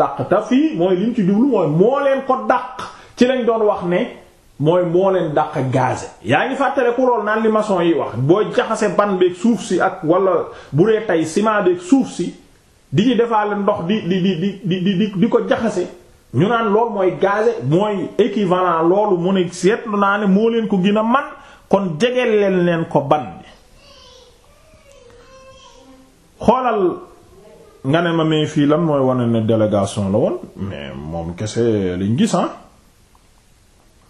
dàq te fii mooy liñ ci jublu mooy moo leen ko dàq ci lañ doon wax ne mooy moo leen dàq gaze yaa ngi fàttale ku lool naan li maçon yi wax booy jaxase ban beeg suuf si ak wala bu dee tey ciment beeg suuf si di ci defaale ndox di di ko jaxase ñu naan lool mooy gaze mooy équivalent loolu mu ne seetlu naa ne moo leen ko gina man kon jegeel leen leen ko ban bi nga ne ma mais fii lan mooy wane ne délégation la woon mais moom kese liñ gis ah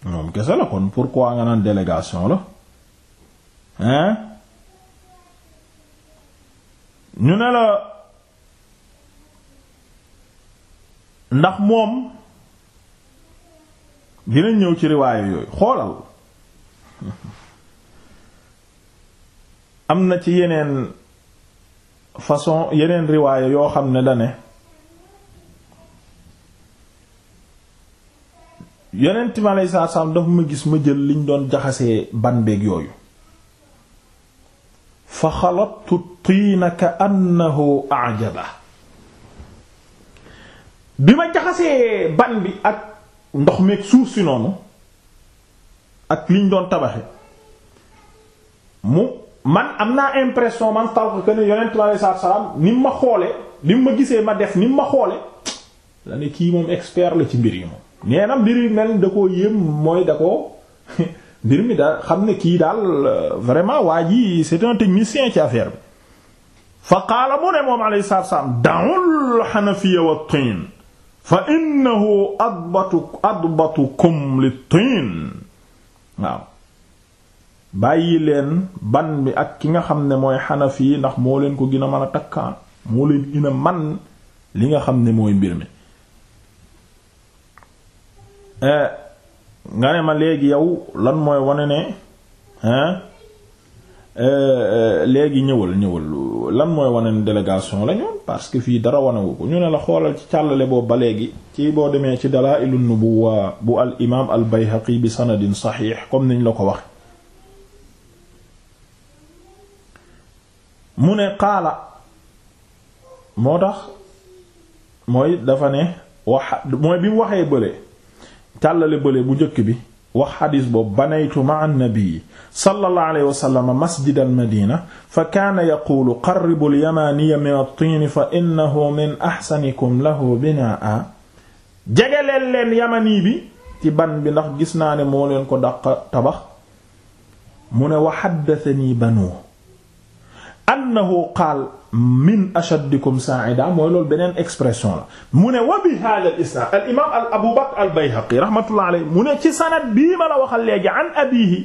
moom kese la kon pourquoi nga naan délégation la hein ñu ne la ndax moom dinañ ñëw ci riwaaye yooyu xoolal am na ci yeneen façon yeneen riwaaya yoo xam ne dane yonent mi aleyhi salaatu salaam ma gis ma jël liñ doon jaxasee ban beeg yooyu fa xalatu tiina ka annahu ajaba bi ma jaxasee ban bi ak ndox meeg suuf si noonu ak liñ doon tabaxe mu man am naa impression man taw que ne yonent bi salaam ni mu ma xoole li mu ma gisee ma def ni mu ma xoole la ne kii moom expert la ci mbir yi moom nee na mbir yi mel da koo yéem mooy da koo mbir mi da xam ne kii daal euh, vraiment waa ji c'est un technicien ci affaire bi fa qaala mu ne moom alayhi salaatu salaam da'ul hanafiyya wa tin fa innahu adbatu adbatukum lit tin waaw bàyyi leen ban bi ak ki nga xam ne mooy xanaf yi ndax moo leen ko gën a mën a takkaan moo leen gën man li nga xam ne mooy mbir mi eh, nga ne ma léegi yow lan mooy wane ne eh, eh, léegi ñëwal ñëwal lan mooy wane ne délégation la parce que fii dara wanewu ko ñu ne la xoolal ci càllale boobu ba léegi ci boo demee ci dalaa'ilu nubuwwa bu al imaam al bayhaqi bi sanadin saxiix comme niñ la ko wax mu ne qaala moo tax mooy dafa ne wax mooy bi waxee bële tàllale bële bu njëkk bi wax xadiis boobu banaytu ma annabii sallallahu alayhi wa sallam masjid almadina fa kaana yaquulu qarribu alyamaniya min altini fa innahu min axsanikum lahu binaa jegeleel leen yamani bi ci ban bi ndax gis naa ne moo leen ko daq tabax mu ne wa xaddatani banu annahu qaal min ashaddikum sa'ida mooy loolu beneen expression la mu ne wa bi hadha al isnad al imam al abu bakr al bayhaqi rahmatullah alayhi mu ne ci sanad bii ma la waxal léegi an abihi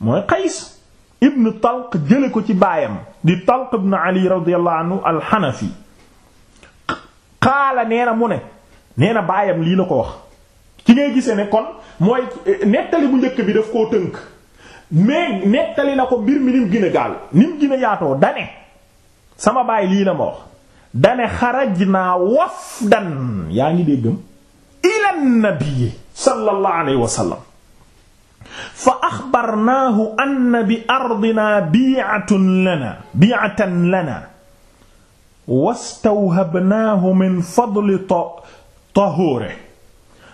mooy qays ibn talq jële ko ci baayam di talq ibn ali radiyallahu anhu al hanafi qaala nee na mu ne nee na baayam lii la ko wax ci ngay gisee ne kon mooy nettali bu njëkk bi daf koo tënk mais nettali na ko mbir mi ni mu gën a gaaw ni mu gën a yaatoo dane sama baay lii la ma wax dane xaraj naa wafdan yaa ngi déggam ilan nabi sallallahu alayhi wa sallam fa axbarnaahu anna bi ardina bi'atun lana bi'atan lana wastawhabnaahu min fadli tahore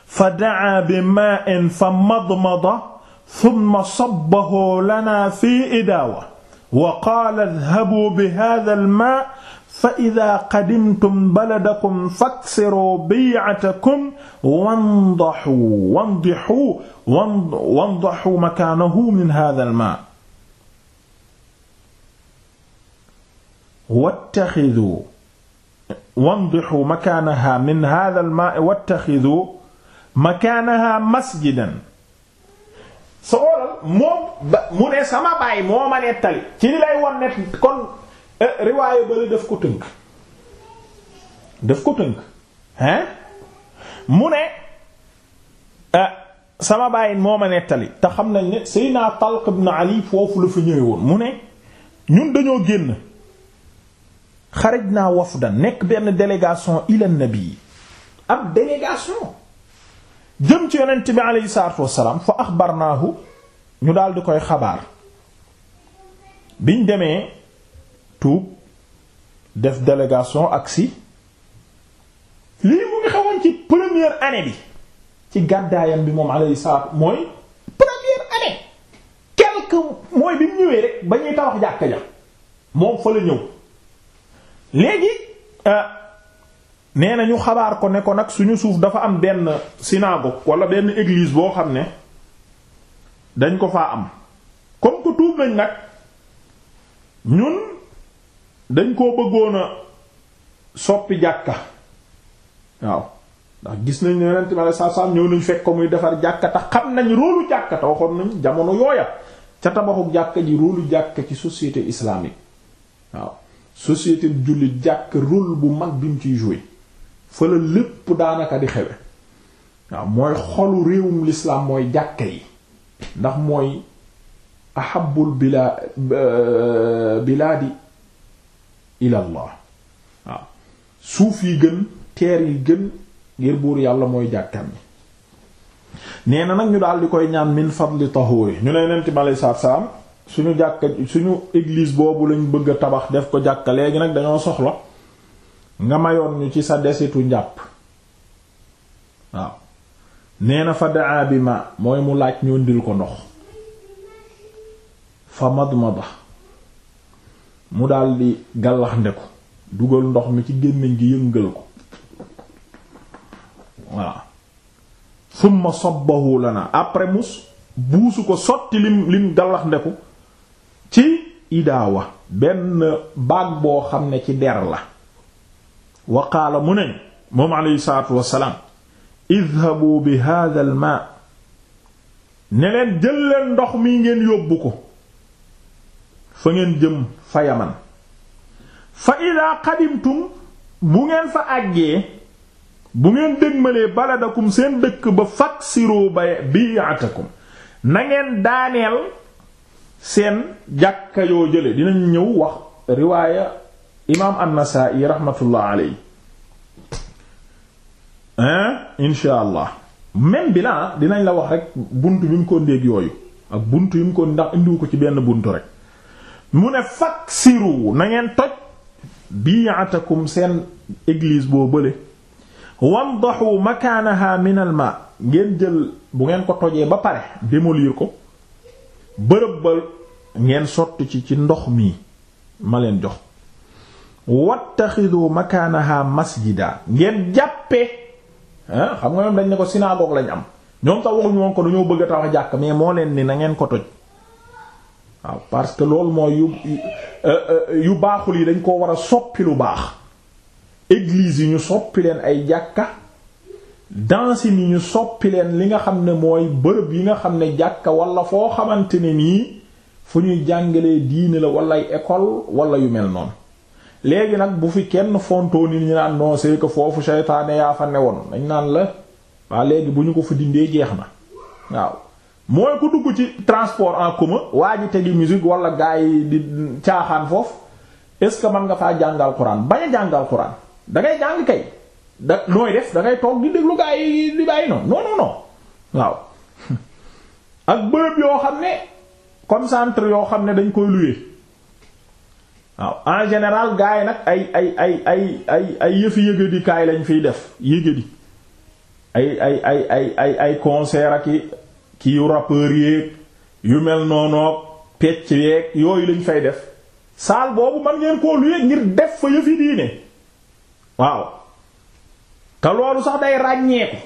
fa daa bi maa'in fa madmada thumma sabbahu lana fi idaawa wa qaala idhabuu bi haadha al-maa fa idaa qadimtum baladakum faksiruu bii'atakum wandahuu wandahuu wandahuu makaanahu min haadha al-maa wattaxiduu wandahuu makaanahaa min haadha al-maa wattaxiduu makaanahaa masjidan sa xoolal moom ba mu ne sama baay moo ma nettali ci li lay won net kon eh, riwaaye bale daf ko tënk daf ko tënk hein mu ne eh, sama baay moo ma nettali te xam nañ ne Seydina Talq ibn Ali foofu la fi ñëwee woon mu ne ñun dañoo génn xaraj naa wafdan nekk benn délégation ila nabi ab délégation jëm ci yonent bi aleyhi salaatu wassalaam fa axbarnaahu ñu daal di koy xabaar ñu demee tuub def délégation agsi lii mu ngi xawoon ci première année bi ci gàddaayam bi moom aleyhi salaatu mooy première année quelque mooy bi mu ñëwee ba ñuy tawax jàkka ja moom fa la ñëw léegi. Euh, nee na ñu xabaar ko ne ko nag suñu suuf dafa am benn synagogue wala benn église boo xam ne dañ ko faa am comme que tuub nañ nag ñun dañ koo bëggoon a soppi jàkka waaw ndax gis nañ ne yonent bi sallallahu alayhi ñëw nañ fekk ko muy defar jàkka te xam nañ roolu jàkka te waxoon nañ jamono yooya ca tabaxu jàkka ji roolu jàkka ci societé islamique waaw société jullit jàkka rôle bu mag bi mu ciy jouer fa la lépp daanaka di xewe waaw mooy xolu réewum lislaam mooy jàkka yi ndax mooy ahabul bila euh, bilaadi ilallah waaw suuf yi gën teer yi gën ngir buur yàlla mooy jàkkam yi nee na nag ñu daal di koy ñaan min fadli tahuuri ñu ne nenti malay saar saam suñu jàkka suñu église boobu lañu bëgg tabax def ko jàkka léegi nag dañoo soxla nga mayoon ñu ci sa desitu njàpp waaw nee na fa daa bi ma mooy mu laaj ñu ndil ko ndox fa ba mu daldi gàllaxnde ko dugal ndox mi ci gémmiñ gi yëngal ko waaw summa sabbahu lana après mu buusu ko sotti lim lim gàllaxnde ko ci wa benn baag boo xam ne ci der la wa qaala mu ne moom aleyhi salaatu wassalaam idhabu bi hadha al ma ne ndox mi ngeen yóbbu ko fa ngeen jëm fa yaman fa ida qadimtum bu ngeen fa àggee bu ngeen dégmalee baladakum seen dëkk ba faksiru bay bi'atakum na nangeen daaneel seen jàkka yoo jële dinañ ñëw wax riwaaya imaam an-Nasaa'i rahmatullah alayhi insha allah même bilan dinañ la wax rek bunt bi mu ko ndéeg yooyu ak bunt yi mu ko ndax indiwu ko ci benn bunt rek mu ne faksiru na nangeen toj bi'atakum seen église boo bële wamdahu makaanaha min al ngeen jël bu ngeen ko tojee ba pare démolir ko bërëb ba ngeen sotti ci ci ndox mi ma leen jox wattaxidu makaanaha masjida ngeen jàppe ah xam nga ñoom dañ ne ko synagogue lañ am ñoom sax waxuñu woon ko dañoo bëgg a tax jàkk mais moo leen ni na ko toj waaw parce que loolu mooy yu euh, euh, yu baaxul yi dañ koo war a soppi lu baax église yi ñu soppi leen ay jàkka dancin yi ñu soppi leen li nga xam ne mooy bërëb yi nga xam ne jàkka wala foo xamante ne nii fu ñuy jàngalee diine la wala ay école wala yu mel noonu. léegi nag bu fi kenn fontoo ni ñu naan non c'est foofu seytaane yaa fa woon dañ naan la waa léegi bu ñu ko fa dindee jeex na waaw mooy ku dugg ci transport en commun waa ji tegi musique wala gars yi di caaxaan foofu est-ce que mën nga faa jàngal Qur'an bañ jàngal Qur'an dangay ngay jàng kay da nooy def da ngay toog di déglu gars yi di bàyyi noonu non non waaw ak bërëb yoo xam ne concentre yoo xam ne dañ koy louer. waaw en général gars yi nag ay ay ay ay ay ay lañu fiy def yëgadi ay ay ay ay ay ay concert ak ki yu rappeurs yeeg yu mel noonoog pecc yeeg yooyu lañ fay def saal boobu man ngeen koo luyee ngir def fa yëfi diine waaw te loolu sax day ràññeeku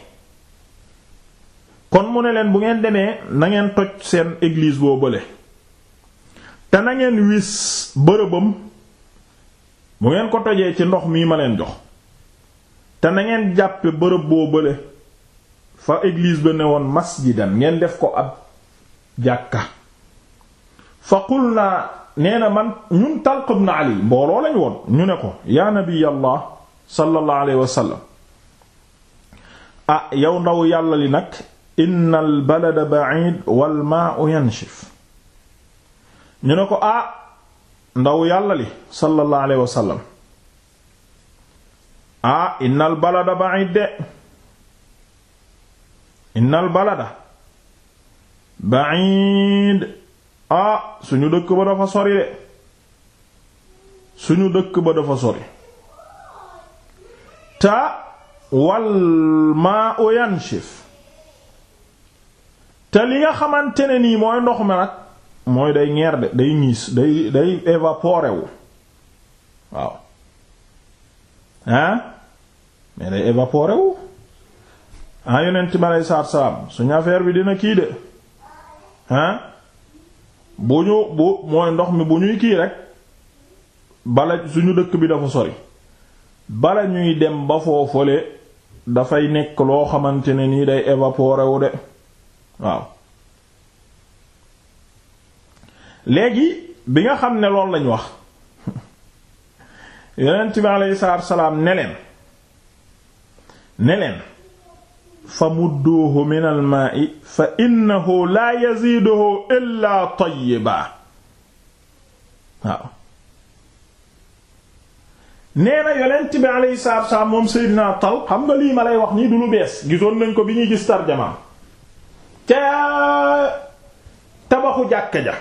kon mu ne leen bu ngeen demee nangeen toj seen église boo bële te na ngeen wis bërëbam bu ngeen ko tojee ci ndox mii ma leen jox te na ngeen jàppe bërëb boo bële fa église ba ne woon masjidan ngeen def ko ab jàkka fa qul naa nee na man ñun Talq ibn Ali mbooloo lañ woon ñu ne ko yaa nabiyallah sallallahu alayhi wa sallam ah yow ndaw yàlla li nag inna al balada ba'id wal ma'u ñu ne ko ah ndaw yàlla li sallallahu alayhi wa sallam ah innal balada ba'id de innal balada ba'id ah suñu dëkk ba dafa sori de suñu dëkk ba dafa sori ta wal ma'u yanshif te li nga xamante ne nii mooy ndox mi nag mooy day ñeer de day niis day day évaporé waaw hein mais day évaporé wu ah, yonent mi aleyhi salaam suñu affaire bi dina kii de hein bu ñu bu mooy ndox mi bu ñuy kii rek bala suñu dëkk bi dafa sori bala ñuy dem ba foofale dafay nekk loo xamante ne nii day évaporé de waaw léegi bi nga xam ne loolu lañ wax yonent bi aleyhi salaatu salaam ne leen fa mudduuhu min al maa'i fa innahu laa yaziiduhu illaa tayyiba waaw nee na yonent bi aleyhi salaam moom Seydina Tal xam nga lii ma lay wax nii du lu bees gisoon nañ ko bi ñuy gis tarjamaam ca tabaxu jàkka ja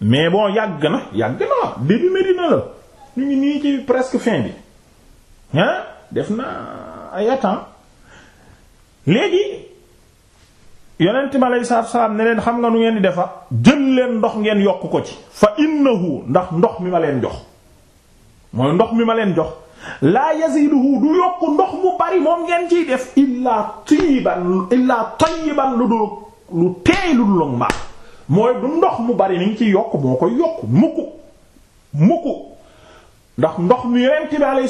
mais bon yàgg na yàgg na début Médina la ñu ngi nii ci presque fin bi ah def na ay temps léegi yonent mi aleyhi salaatu salaam ne leen xam nga nu ngeen di defar jël leen ndox ngeen yokk ko ci fa innahu ndax ndox mi ma leen jox mooy ndox mi ma leen jox laa yaziduhu du yokk ndox mu bari moom ngeen ciy def illaa tayyiban illaa tayyiban lu dul lu teey lu dul mbaax mooy du ndox mu bari ni ngi ciy yokk moo koy yokk mukk mukk ndax ndox mu yonent bi alayhi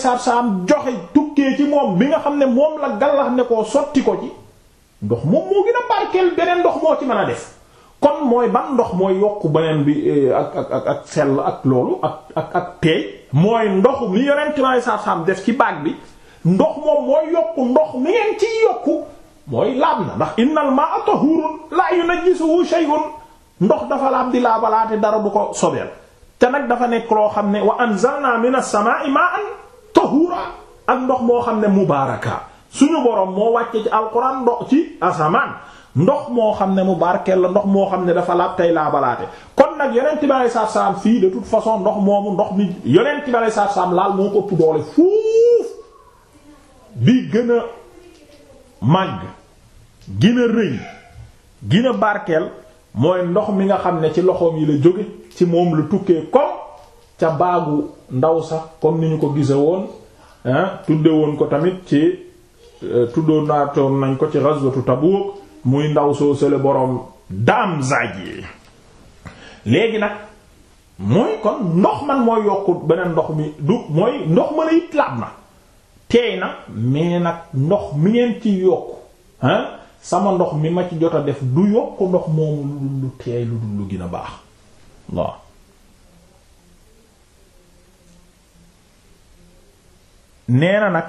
joxe tukkee ci moom bi nga xam ne moom la gallax ne ko sotti ko ci ndox moom moo gën a a def kon mooy ban ndox mooy yokk beneen bi eh, ak ak ak loolu ak ak ndox mi yonent bi alayhi def ci baag bi ndox moom mooy yokku ndox mi ngeen ciy yokku mooy laab na ndax innal maa'a tahuurun ndox dafa laab di laabalaate dara du ko sobeel te nag dafa nekk loo xam ne wa anzalna minas samaa'i ma'an tahura ak ndox moo xam ne mubaaraka suñu borom moo wàcce ci alquran ndox ci asamaan ndox moo xam ne mu barkeel la ndox moo xam ne dafa laab tey laabalaate kon nag yonent bi alayhi salaatu fii de toute façon ndox moomu ndox mi yonent bi alayhi salaatu laal moo ëpp doole fuuf bi gën a màgg gën a rëy gën a barkeel mooy ndox mi nga xam ne ci loxoom yi la jóge ci moom la tukkee comme ca baagu ndaw sax comme ni ñu ko gise woon tudde woon ko tamit ci euh, tuddoo naatoon nañ ko ci ghazwatu Tabuk muy ndaw soo sële boroom daam zaaji léegi nag mooy kon ndox man mooy yokku beneen ndox mi du mooy ndox ma la it laab na teey na mais nag ndox mi ngeen ci yokku sama ndox mi ma ci jot a def du yokk ndox moomu lu dul lu teey lu dul lu gën a baax waaw nee na nag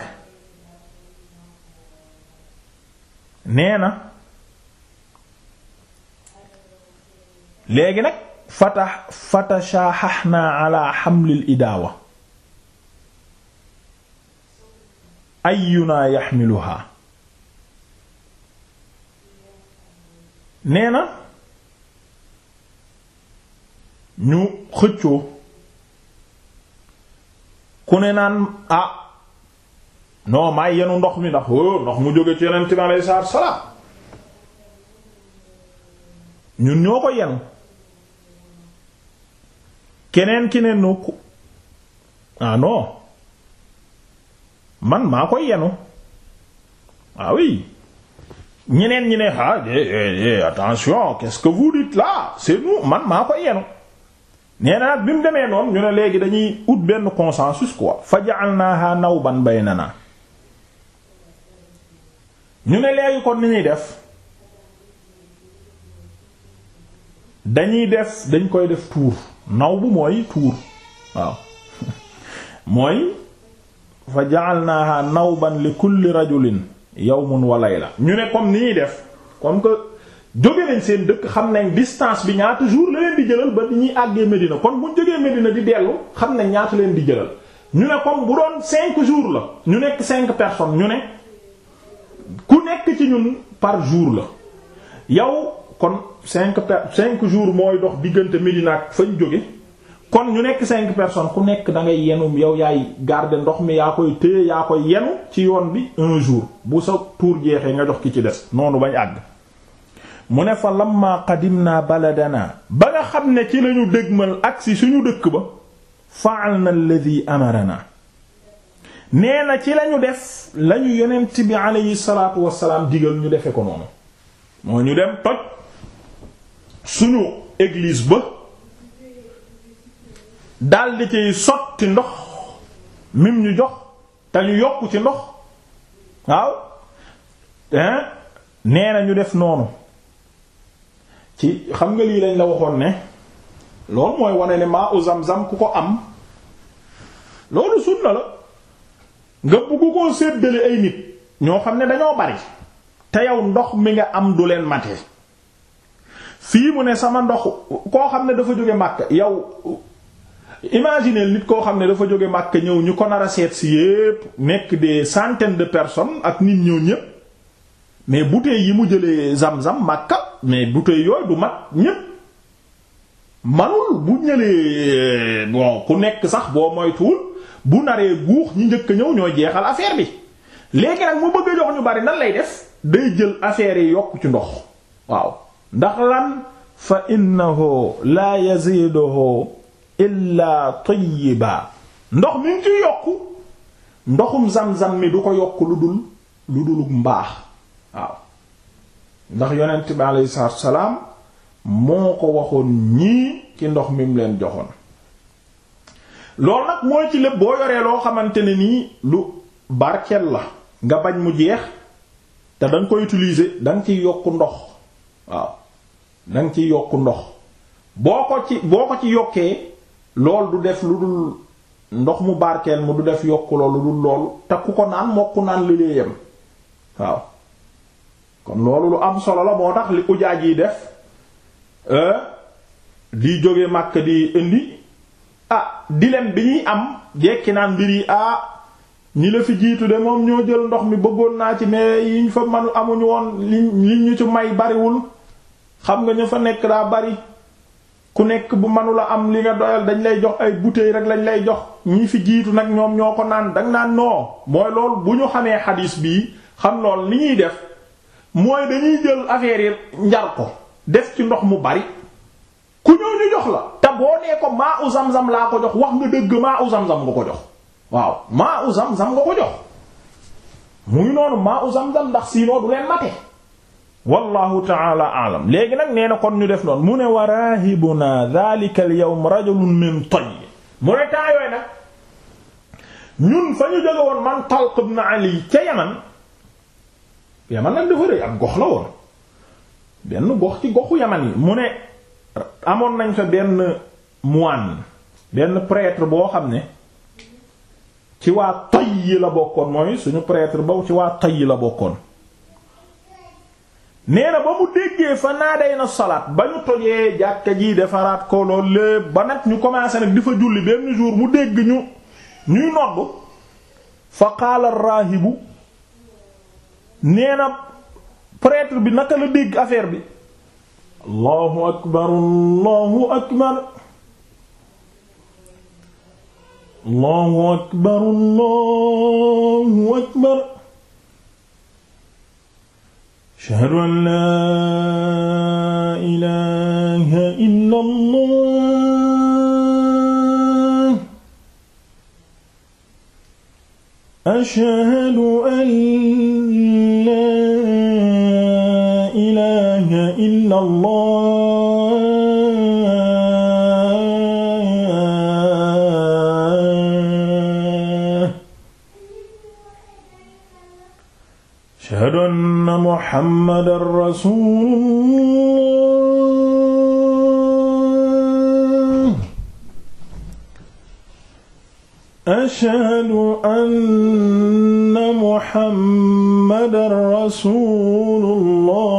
nee na léegi nag fata fatashaahaxnaa ala xamlil idaawa ayunaa yaxmiluha nee na ñu xëccoo ku ne naan ah non maay yenu ndox mi ndax o oh, ndox mu jóge ci yonent mi alayhi salaatu salaam ñun ñoo ko yenu keneen ki ne nu ah non man maa koy yenu ah oui ñeneen ñi ne ah eh, eh, eh, attention qu'est-ce que vous dites là c'est nous man maa ko yenu nee naa nag bi mu demee noonu ñu ne léegi dañuy ut benn consensus quoi fa ja'alnaha nawban baynana ñu ne léegi kon ni ñuy def dañuy def dañ koy def tuur naw bu mooy tuur waaw mooy fa ja'alnaha nawban li kulli rajulin yawmun wallay la ñu ne comme ni ñuy def comme que jóge nañ seen dëkk xam nañ distance bi ñaata jour la leen di jëlal ba ñuy àggee Medina kon bu ñu jógee Medina di dellu xam nañ ñaata leen di jëlal ñu ne comme bu doon cinq jours la ñu nekk cinq personnes ñu ne ku nekk ci ñun par jour la yow kon cinq per cinq jours mooy dox diggante Medina ak fañ jóge kon ñu nekk cinq personnes ku nekk dangay ngay yenu yow yaay garder ndox mi yaa koy téye yaa koy yenu ci yoon bi un jour bu sa tuur jeexee nga jox ki ci des noonu bañ àgg mu ne fa lamma qadimna baladana ba nga xam ne ci lañu dëgmal agsi suñu dëkk ba na fa'alna alladhi amarana nee na ci lañu def lañu yonent bi alayhi salaatu wassalaam digal ñu defe ko noonu moo ñu dem toj suñu église ba daldi ciy sotti ndox mim ñu jox te ñu yokk ci ndox waaw nee na ñu def noonu ci xam nga lii lañ la waxoon ne loolu mooy wane ne maa u zam-zam ku ko am loolu sunna la nga bëgg koo séddale ay nit ñoo xam ne dañoo bari te yow ndox mi nga am du leen mate fii mu ne sama ndox koo xam ne dafa jóge Makka yow imaginez nit koo xam ne dafa jóge Makka ñëw ñu ko nar a si yépp nekk des centaines de personnes ak nit ñëw ñépp mais bouteille yi mu jëlee zam-zam mais bouteille yooyu du mat ñépp manul bu ñëlee euh, bon ku nekk sax boo moytuwul bu naree guux ñu njëkk ñëw ñoo jeexal affaire bi léegi nag mu bëgg a jox ñu bari nan lay def day jël affaire yi yokk ci ndox waaw ndax lan fa innahu la yaziduhu illaa tayyiba ndox mi ngi ciy yokku ndoxum zam mi du ko yokk lu dul lu dul mbaax waaw ndax yonent bi aleyhi salaatu moo ko waxoon ñii ci ndox mi mu leen joxoon loolu nag mooy ci lépp boo yoree loo xamante ne nii lu barkeel la nga bañ mu jeex te danga koy utiliser danga ciy yokk ndox waaw danga ciy yokk ndox boo ko ci boo ko ci yokkee lool du def lu dul ndox mu barkeel mu du def yokkuloo lu dul loolu te ku ko naan mokku naan li lay yem waaw kon loolu lu am solo la moo tax li ujaaj yi def euh, di jóge màkk di indi a ah, dilem bi ñuy am jekki naan mbir yi ah ñi la fi jiitu de moom ñoo jël ndox mi bëggoon naa ci mais yiñ fa manu amuñu woon liñ ñu ci may bariwul xam nga ñu fa nekk daa bari ku nekk bu manula am li nga doyal dañ lay jox ay bouteilles rek lañ lay jox ñi fi jiitu nag ñoom ñoo ko naan danga naan noo mooy loolu bu ñu xamee xadiis bii xam lool li ñuy def mooy dañuy jël affaire yi njar ko def ci ndox mu bari ku ñëw ñu jox la te boo nee ko maa u zam laa ko jox wax nga dëgg maa u zam-zam nga ko jox waaw maa u zam nga ko jox mu ngi noonu maa u zam ndax siinoo du leen mate wallahu taala aalam léegi nag nee na kon ñu def noonu mu ne wa raahibuna dhalika al yawm rajulun min Tayy mu ne temps yooyu nag ñun fa ñu jóge woon man Talq ibn Ali ca Yaman Yaman nag dafa rëy ak gox la woon benn gox ci goxu Yaman yi mu ne amoon nañ fa benn moine benn prêtre boo xam ne ci waa Tayy la bokkoon mooy suñu prêtre boobu ci waa Tayy la bokkoon nee na ba mu déggee fa naa day na salaat ba ñu tojee jàkka ji defaraat ko loolu ba nag ñu commencé nag di fa julli benn jour mu dégg ñu ñuy nodd fa qaala raahibu nee na prêtre bi naka la dégg affaire bi allahu akbar allahu akbar allahu akbar ashhadu an laa ilaaha illallaah ashhadu an laa ilaaha illallaah muhammadan rasul ashhadu anna muhammadan rasulullah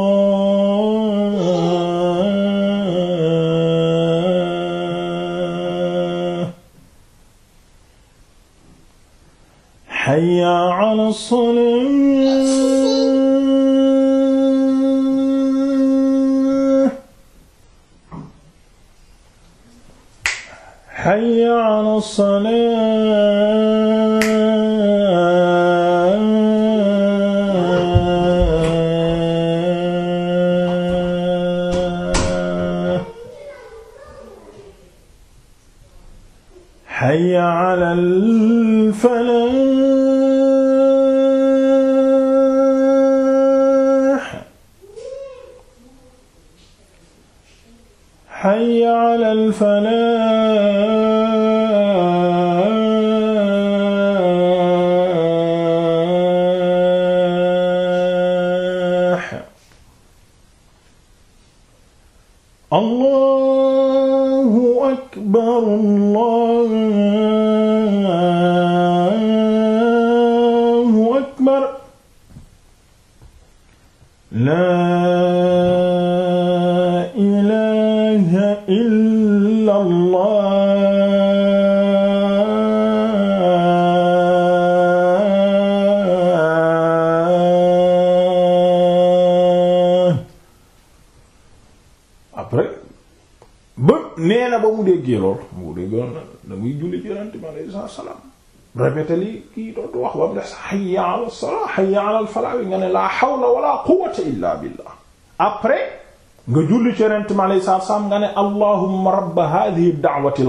hayya ala salaa hayya ala falaa nga ne laa hawla wala quwwata illa billah après nga julli ci yonent mi alayhi salaatu salaam nga ne allahumma rabba hadhihi ad-da'wati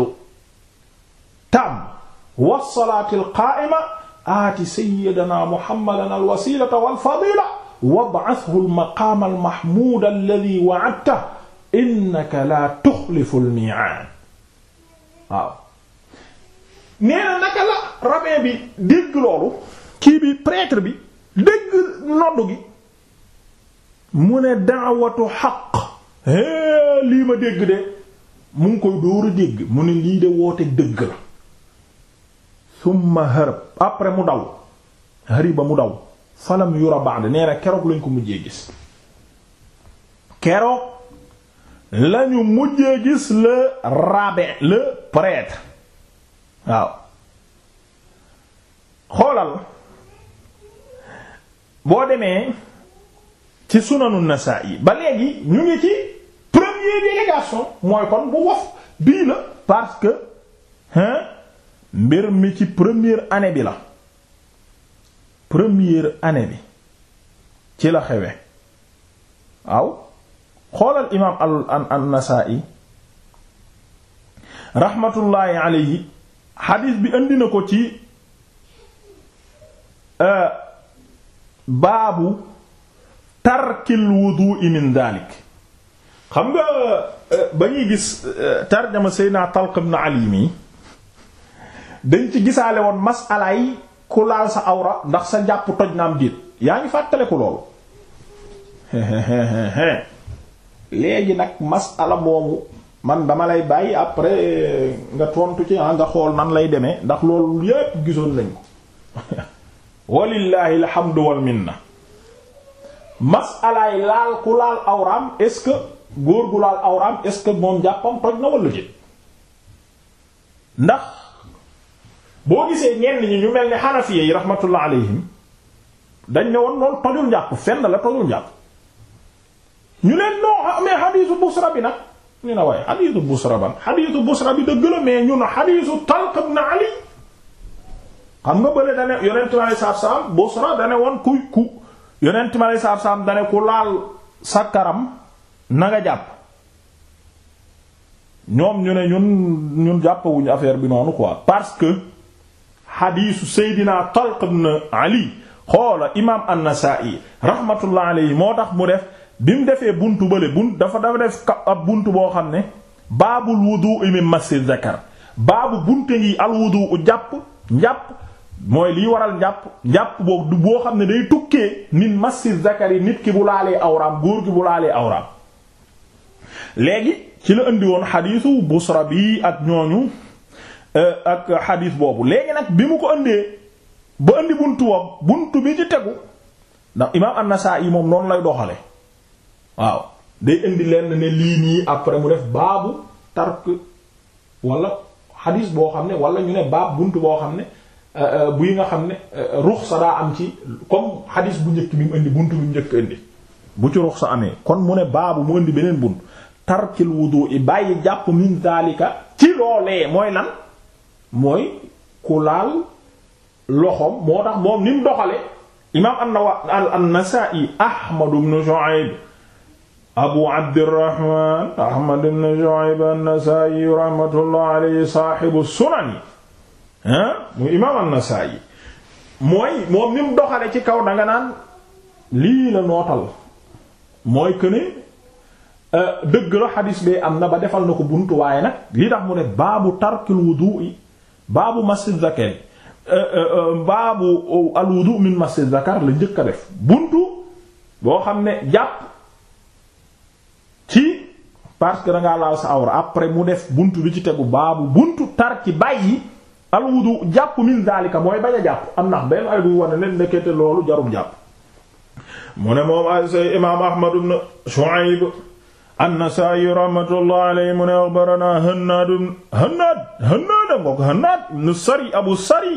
taam was-salaati al-qaa'ima aati sayyidana muhammadan al-wasiilata wal-fadiila wab'athhu al-maqaama al-mahmuuda alladhii wa'adtahu innaka laa tukhlifu al-mii'aad waaw nee na naka la rabee bi dégg loolu kii bi prêtre bi dégg noddu gi mu ne daawatu xaq lii ma dégg de mu ngi koy dóor dégg mu ne lii de woote dëgg la summa harab après mu daw hariba mu daw falam yura ba'd nee keroog lañ ko mujjee gis keroog lañu mujjee gis le rabbin le prêtre waaw xoolal boo demee ci sunanu Nasa'i ba léegi ñu ngi ci première délégation mooy kon bu wof bii la parce que hein mbir mi ci première année bi la première année bi ci la xewe waaw xoolal imaam al an-Nasa'i rahmatullahi alayhi hadith bi indi na ko ci euh, baabu tarkil wudu'i min dalik xam nga euh, ba ñuy gis euh, tarjama Seydina Talq na Ali mi dañ ci gisaale woon masala yi ku laal sa awra ndax sa njàpp toj na am diit yaa ngi fàttaleku loolu léegi nag masala moomu man dama lay bàyyi après euh, nga tontu ci ah, nga xool nan lay demee ndax loolu yépp gisoon lañ ko walillahi alhamdu wal minna masalaay laal ku laal awraam est-ce que góor gu laal awraam est-ce que moom jàppam toj na wala jël ndax boo gisee ñenn ñi ñu mel ni xanafiya yi rahmatullah alayhim dañ ne woon loolu tojul njàpp fenn la tojul njàpp ñu leen noo amee xadiisu busra bi nag ñu ne waaye xadiisu busra ban xadiisu busra bi dëgg la mais ñun xadiisu Talq ibn Ali xam nga bële dane yonent mi aleyhi salaatu salaam Busra dane woon kuy ku yonent mi aleyhi salaatu salaam ku laal sàkkaram na nga jàpp ñoom ñu ne ñun jàppawuñu affaire bi noonu ko parce que xadiisu Seydina Talq ibn Ali xoola imaam An-Nasaa'i rahmatullah moo tax mu def bi mu defee buntu bële bunt dafa dafa def ab buntu boo xam ne baabul wudu'i min massi zakar baabu bunte yi al wudu'u jàpp njàpp mooy liy waral njàpp njàpp boobu boo xam ne day tukkee min masjid zakari nit ki bu laalee awraam góor gi bu laalee awraam léegi ci la indi woon xadiisu busra bi ak ñooñu eh, ak xadiis boobu léegi nag bi mu ko indee ba indi bunt wa bunt bi ci tegu ndax imaam an-Nasaa'i moom noonu lay doxale waaw day indi leen ne lii nii après mu def baabu tark wala xadiis boo xam ne wala ñu ne baab buntu boo xam ne buy nga xam ne euh, ruxsa daa am ci comme xadis bu njëkk bi mu indi buntu bi mu njëkk indi bu ci ruxsa amee kon mu ne baabu mu indi beneen bunt tarkil wudu i bàyyi jàpp min zalika ci loolee mooy lan mooy ku laal loxoom moo tax moom ni doxale imaam an-Nawawi an-Nasaa'i Ahmad ibn Shu'ayb abu Abdirrahmaan Ahmad mu imaam an-Nasaa'i mooy moom ni mu doxale ci kaw danga naan lii la nootal mooy que ne euh, dëgg la xadiis bee am na ba defal na ko buntu waaye nag lii tax mu ne baabu tarkil wudu'i baabu masjid zakar euh, euh, baabu al zakar la njëkk a def buntu boo xam ne jàpp ci parce que dangaa laal sa awra après mu def bunt bi ci tegu baabu buntu tar ci bàyyi alwudu jàpp min zalika mooy a jàpp am ndax benn ay buy wane ne nekkete loolu jarul jàpp mu ne moom ay say imaam ahmad ibn shu'ayb an rahmatullah alayhi mu ne akhbarana hannaad hannaad hannaad ngok hannaad ibn sari abu sari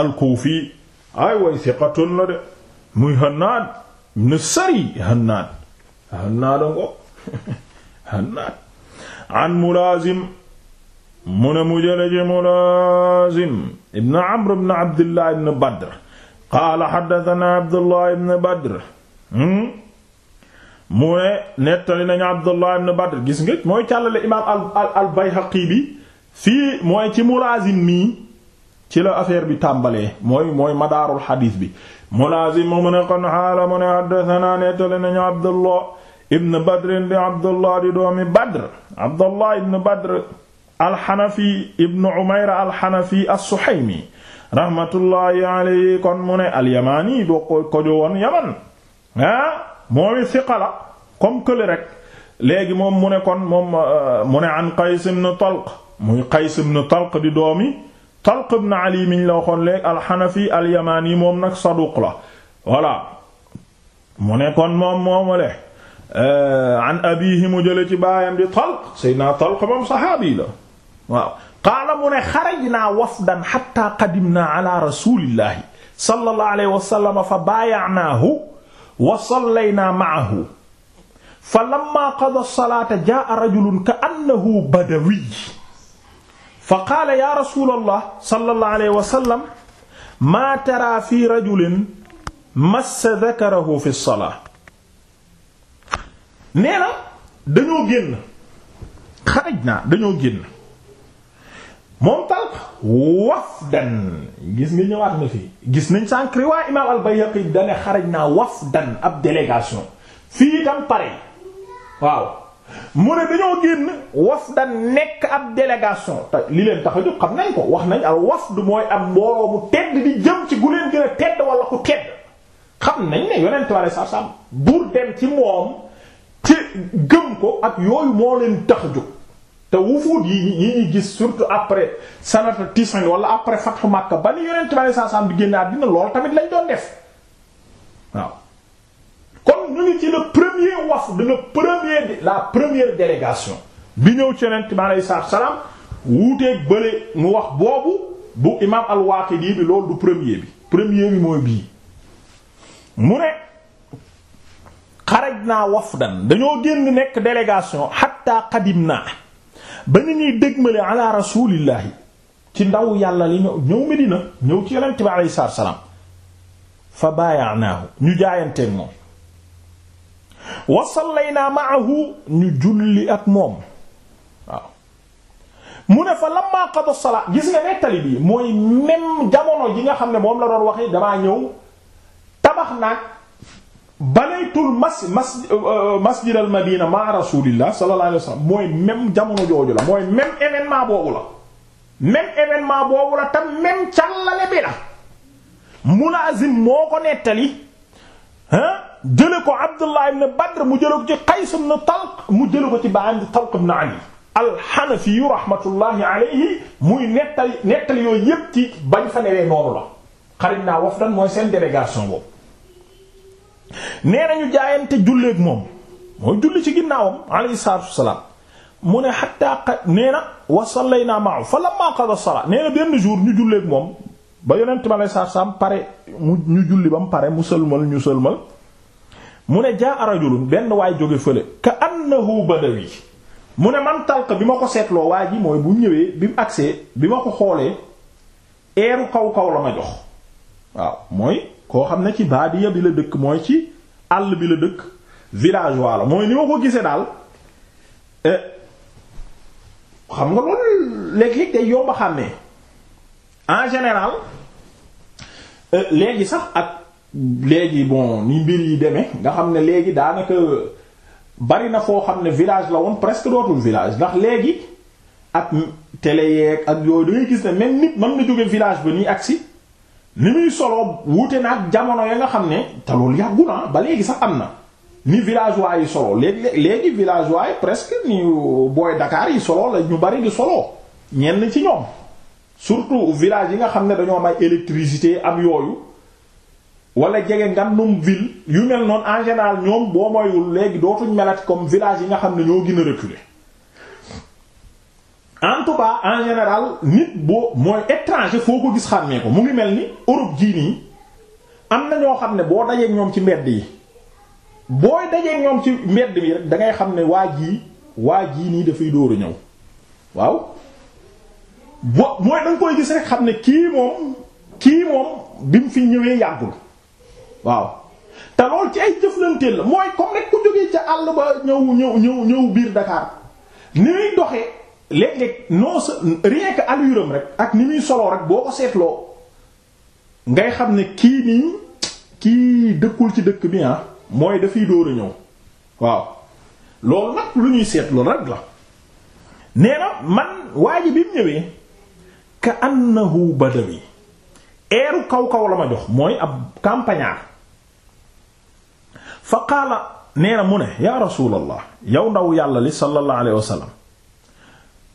al-kufi ay way thiqatun la de muy hannaad ibn sari hannaad hannaad ngok hannaad an mulazim mu ne mu jële ci Mulaazim ibn Amr ibn Abdullah ibn Badr qaala xaddatana Abdullah ibn Badr mu ne nettali nañu Abdullah ibn Badr gis nga mooy càllale imaam al al Bayhaqi bi fii mooy ci Mulaazim nii ci la affaire bi tàmbalee mooy mooy madaarul xadiis bi Mulaazim mu ne kon xaala mu ne xaddatana nettali nañu Abdullah ibn Abdullah di doomi Badr Abdullah ibn Badr alxanafi ibnu umayra alxanafi assuhaymi rahmatullahi alayhi kon mu ne alyamaani boo ko kojo woon yaman ah moomi siqa la comme kële rek léegi moom mu ne kon moom euh, mu ne an qays ibn talq muy qays ibn talq di doomi talq ibn ali miñ la waxoon léegi alxanafi alyamaani moom nag saduq la voilà mu ne kon moom moomale euh, an abihi mu jële ci baayam di talq sayyidina talq moom saxaabi la waaw qaala mu ne xarajnaa wafdan xatta qadimnaa ala rasulillahi sallallahu alayhi wa sallam fa baayaanaahu wa sallaynaa maahu fa lamma qada salaata jaa rajulun ka annahu badawi fa qaala yaa rasulallah sallallahu alayhi wa sallam maa taraa fi rajulin massa dakarahu fi salaa nee na dañoo génn xaraj naa dañoo génn moom Talq wafdan gis nga ñëwaat na fii gis nañ sànq riwaa imaam al-Bayhaqi dane xaraj naa wafdan ab délégation fii itam pare waaw mu ne dañoo génn wafdan nekk ab délégation te li leen tax jóg xam nañ ko wax nañ al wafd mooy am mbooloo mu tedd di jëm ci gu leen gën a tedd wala ku tedd xam nañ ne yonent wala sa sam buur dem ci moom ci gëm ko ak yooyu moo leen tax jóg te wufuut yi yi ñuy gis surtout après sanata tisin wala après fatxu Makka ba ni yonent bi sallallahu alayhi wasallam di génn àddina lool tamit lañ doon def waaw kon ñu ngi ci le premier waf de le premier la première délégation bi ñëw ci yonent bi sallallahu alayhi wasallam wuuteeg mu wax boobu bu imam al-Waaqidi bi loolu du premier bi premier bi mooy bii mu ne xaraj naa wafdan dañoo génn nekk délégation hatta qadim naa ba ni ñuy dégmale ala rasulillahi ci ndaw yàlla li ñëw ñëw Medina ñëw ci yonent bi alayhi salaam fa baayaanaahu ñu jaayanteeg moom wa sallaynaa ma'ahu ñu julli ak moom waaw mu ne fa lamma qada gis nga nettali bi mooy même jamono ji nga xam ne moom la doon waxee damaa ñëw tabax naag banaytul mas mas euh, masjid al madina ma rasulillah sallallahu alayhi wasallam mooy même jamono jooju la mooy même événement boobu la même événement boobu la tam même càllale bi la mulazim moo ko nettali ah jële ko abdullah ibn badr mu jële ko ci qays ibn talq mu jële ko ci baam di talq ibn ali alxanafi yu rahmatullahi alayhi muy nettali nettali yooyu yépp ci bañ fa newee noonu la xarit naa wafdan mooy seen délégation boobu nee nañu jaayante julleek moom mooy julli ci ginnaawam alayhi salaatu wassalaam mu ne xatta nee na wa sallayna ma'ahu fa lamma qada as-salaa nee na benn jour ñu julleek moom ba yonent bi alayhi salaatu wassalaam pare ñu julli ba mu pare mu sëlmal ñu sëlmal mu ne jaa rajulun benn waay jóge fële ka annahu badawi mu ne man talk bi ma ko seetloo waa ji mooy bu ñëwee bi mu agsee bi ma ko xoolee eeru kaw kaw la ma jox waaw mooy koo xam ne ci baadiya bi la dëkk mooy ci àll bi la dëkk village wala mooy ni ma ko gisee daal eh, xam nga loolu léeg-léeg day yomba xam ne en général eh, léegi sax ak léegi bon ni mbir yi demee nga xam ne léegi daanaka bari na foo xam ne village la woon presque dootul village ndax léegi ak télé yeeg ak yooyu da gis ne même nit mën na jóge village ba nii agsi ni muy solo wuute naag jamono ya nga xam ne te loolu yàggu na ah, ba léegi sax am na ni villageois yi solo léegi léegi villageois yi presque ni booy dakaar yi solo la ñu bari di solo ñenn ci ñoom surtout village yi nga xam ne dañoo am ay électricité am yooyu wala jege ngandum ville yu mel noonu en général ñoom boo moyul léegi dootuñ melat comme village yi nga xam ne ñoo gën a en tout en général nit boo mooy étranger foo ko gis xàmmee ko mu ngi mel ni Europe jii nii am na ñoo xam ne boo dajee ñoom ci mbedd yi booy dajee ñoom ci mbedd mi rek xam ne waa jii waa jii nii dafay dóoru ñëw waaw bo mooy da nga koy gis rek xam ne kii moom kii moom bi mu fi ñëwee yàggul waaw te lool ci ay jëflanteel la mooy comme rek ku jógee ca àll ba ñëw ñëw ñëw ñëw biir Dakar ni muy doxee. léeg-léeg sa rien que rek ak ni muy soloo rek boo ko seetloo ngay xam ne kii nii kii dëkkul ci dëkk bi ah mooy dafiy dóor a ñëw waaw loolu nag lu ñuy seetlu rag la nee na man waa bi mu ñëwee ka annahu badawi eeru kaw kaw la ma jox mooy ab campagnard fa qaala nee na mu ne yaa rasulallah yow ndaw yàlla li sallallahu alayhi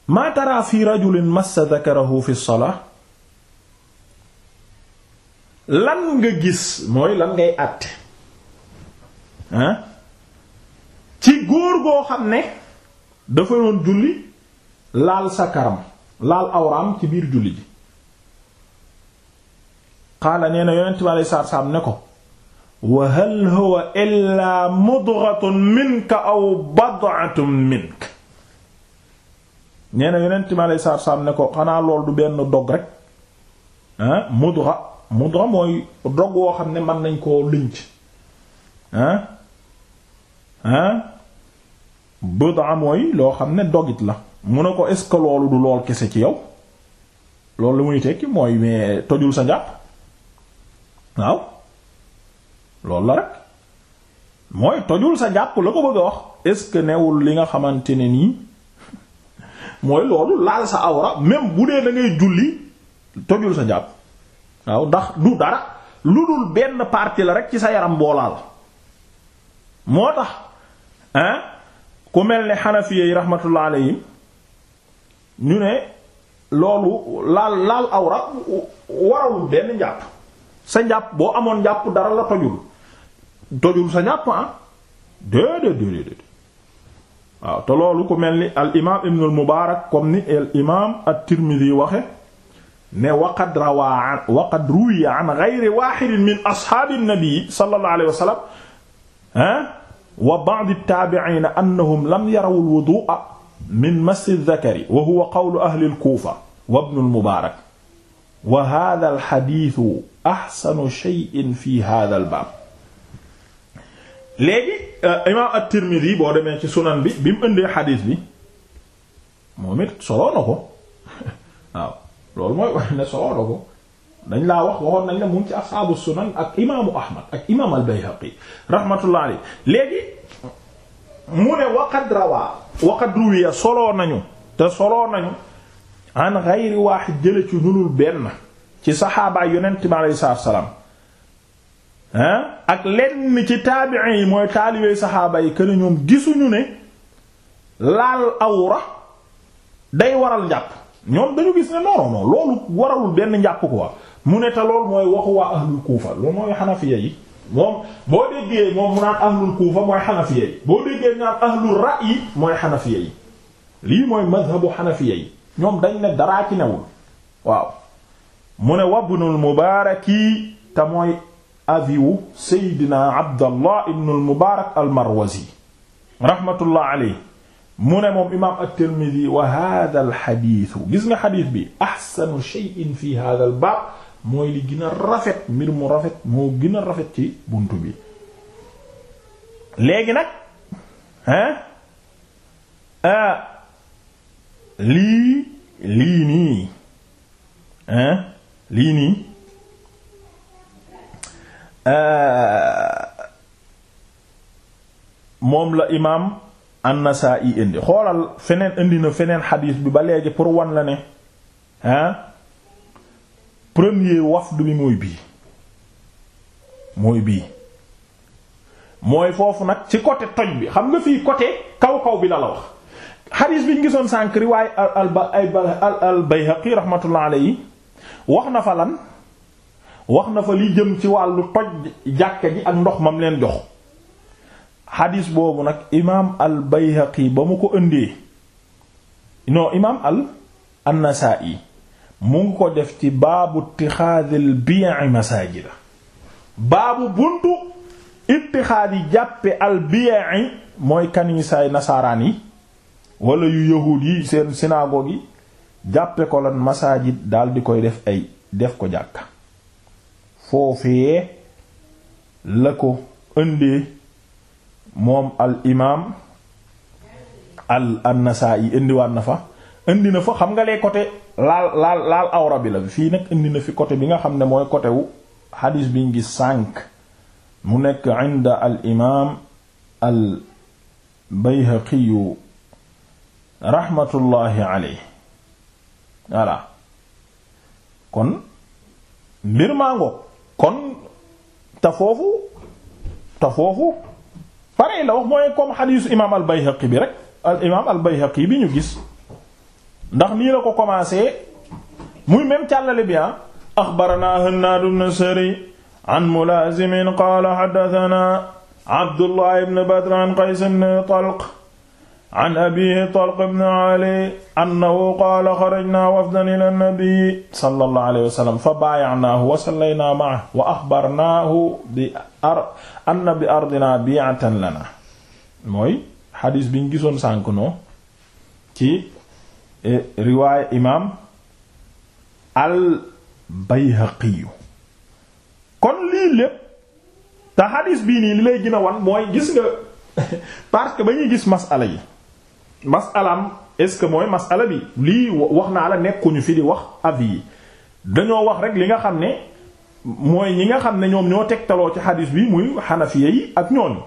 maa tara fi rajulin massa dakarahu fi salaa lan nga gis mooy lan ngay àtte ci góor goo xam ne dafa doon julli laal sakaram laal awraam ci biir julli ji qaala nee na yonent bi alayhi ne ko wa hal huwa illaa mudghatun minka aw bad'atun minka nee na yonent mi alayhi salaatu ne ko xanaa lool du benn dog rek ah mudra mudra mooy dog woo xam ne mën nañ koo lëñc ah ah mooy loo xam ne dogit la mu ne ko est loolu du lool kese ci yow loolu lu muy tekki mooy mais tojul sa njàpp waaw loolu la rek mooy tojul sa njàpp la ko bëgg a wax est ce que newul li nga xamante ne nii mooy loolu laal sa awra même bu dee da ngay julli tojul sa njàpp waaw ndax du dara lu dul benn partie la rek ci sa yaram boo laal moo tax hein ku mel ne xanafiya yi rahmatullah alayhim ñu ne loolu laal laal awra warawul benn njàpp sa njàpp boo amoon njàpp dara la tojul tojul sa njàpp ah déedéet déedéet waaw te loolu ku mel ni al imaam ibn al mubaarak comme ni al imaam at-tirmidhi waxe ne waqad rawaa waqad ruwiya an ghayri waahidin min ashaabi nabi sallallahu alayhi wa sallam ha ah, wa ba'd at-taabi'iina annahum lam yaraw al-wuduu'a min massi adh-dhakari wa huwa qawlu ahli al-kuufa wa ibn al-mubaarak wa haadha al-hadiithu ahsanu shay'in fi haadha al-baab léegi euh, imaam at-Tirmidhi boo demee ci sunan bi bi mu indee xadiis bi moom it soloo na ko loolu mooy wax ne soloo ko dañ laa wax waxoon nañ la mu ci asxaabu sunan ak imaamu Ahmad ak imaam al-Bayhaqi rahmatullah léegi mu ne waqad rawaa waqad ruwiya soloo nañu te soloo nañu an ghayri waahid jële ci nunul benn ci saxaabaay yonent bi alayhi salaam ak lenn ci taabiin yi mooy taalibey saxaaba yi kër ñoom gisuñu ne laal awra day waral njàpp ñoom dañu gis ne non non loolu waralul benn njàpp quoi mu ne te loolu mooy waxu waa ahlul kuufa loolu mooy xanafiya yi moom boo déggee moom mu naan ahlul kuufa mooy xanafiya yi boo déggee mu naan ahlul ra'yi mooy xanafiya yi lii mooy mazhabu xanafiya yi ñoom dañ ne daraa ci newul waaw mu ne wabnul mubaaraki te mooy abiwu seydina abdallah ibn al mubaarak al marwazi raxmatullah aley mu ne moom imaam at-Tirmidhi wa hada al xadiisu gis nga xadiis bi axsanu sheyin fi hada al baab mooy li gën a rafet mbir mu rafet moo gën a rafet ci bunt bi léegi nag hein ah, lii lii nii hein lii nii Euh, moom la imaam an-Nasaa'i indi xoolal feneen indi na feneen xadiis bi ba léegi pour wan la ne hein premier wafd bi mooy bii mooy foofu nag ci côté toj bi xam nga fii côté kaw kaw bi la la wax xadiis bi ñu gisoon sànq riwaay al al al al Bayhaqi raxmatullah alayhi wax na fa wax na fa li jëm ci wàllu toj jàkka ji ak ndox mam leen jox xadiis boobu nag imaam al bayhaqi ba mu ko ëndee non imaam al annasaa'i mu ngi ko def ci baabu itixaadil bi'i masaajida baabu buntu itixaadi jàppe al bi'i mooy kanisaay nasaraan yi wala yu yahuud yi seen synagogue yi jàppe ko lan masaajid dal di koy def ay def ko jàkka foofee la ko indee moom al imaam al an-Nasaa'i indiwaat na fa indi na fa xam nga lee côté laal laal laal awra bi la fii nag indi na fi côté bi nga xam ne mooy côté wu xadiis bi ñu gis sànq mu nekk inda al imaam al Bayhaqiyu raxmatullahi alayhi voilà kon mbir maa ngoog kon te foofu te foofu pare la wax mooy comme xadiisu imaam al Bayhaqi bi rek al imaam al Bayhaqi bi ñu gis ndax nii la ko commencé muy même càllale bi ah axbarana Hannaad ibn Sari an Mulaazim qaala haddathana Abdullah ibn Badr an Qays ibn Talq an abi Talq ibn Ali annahu qaala xarajnaa wafdan ila nabi sallallahu alayhi wa sallam fa baaya'naahu wa sallaynaa ma'ahu wa axbarnaahu bi ar anna bi ardinaa bi'atan lanaa mooy xadiis bi ñu gisoon sànk noo ci e, riwaaya imaam al-Bayhaqi kon lii lépp te xadiis bii nii li lay gën a wan mooy gis nga parce que ba ñuy gis masala yi masalaam est-ce que mooy masala bi lii wax naa la nekkuñu fi di wax avis yi dañoo wax rek li nga xam ne mooy ñi nga xam ne ñoom ñoo tegtaloo ci xadis bi muy xanafiya yi ak ñooñu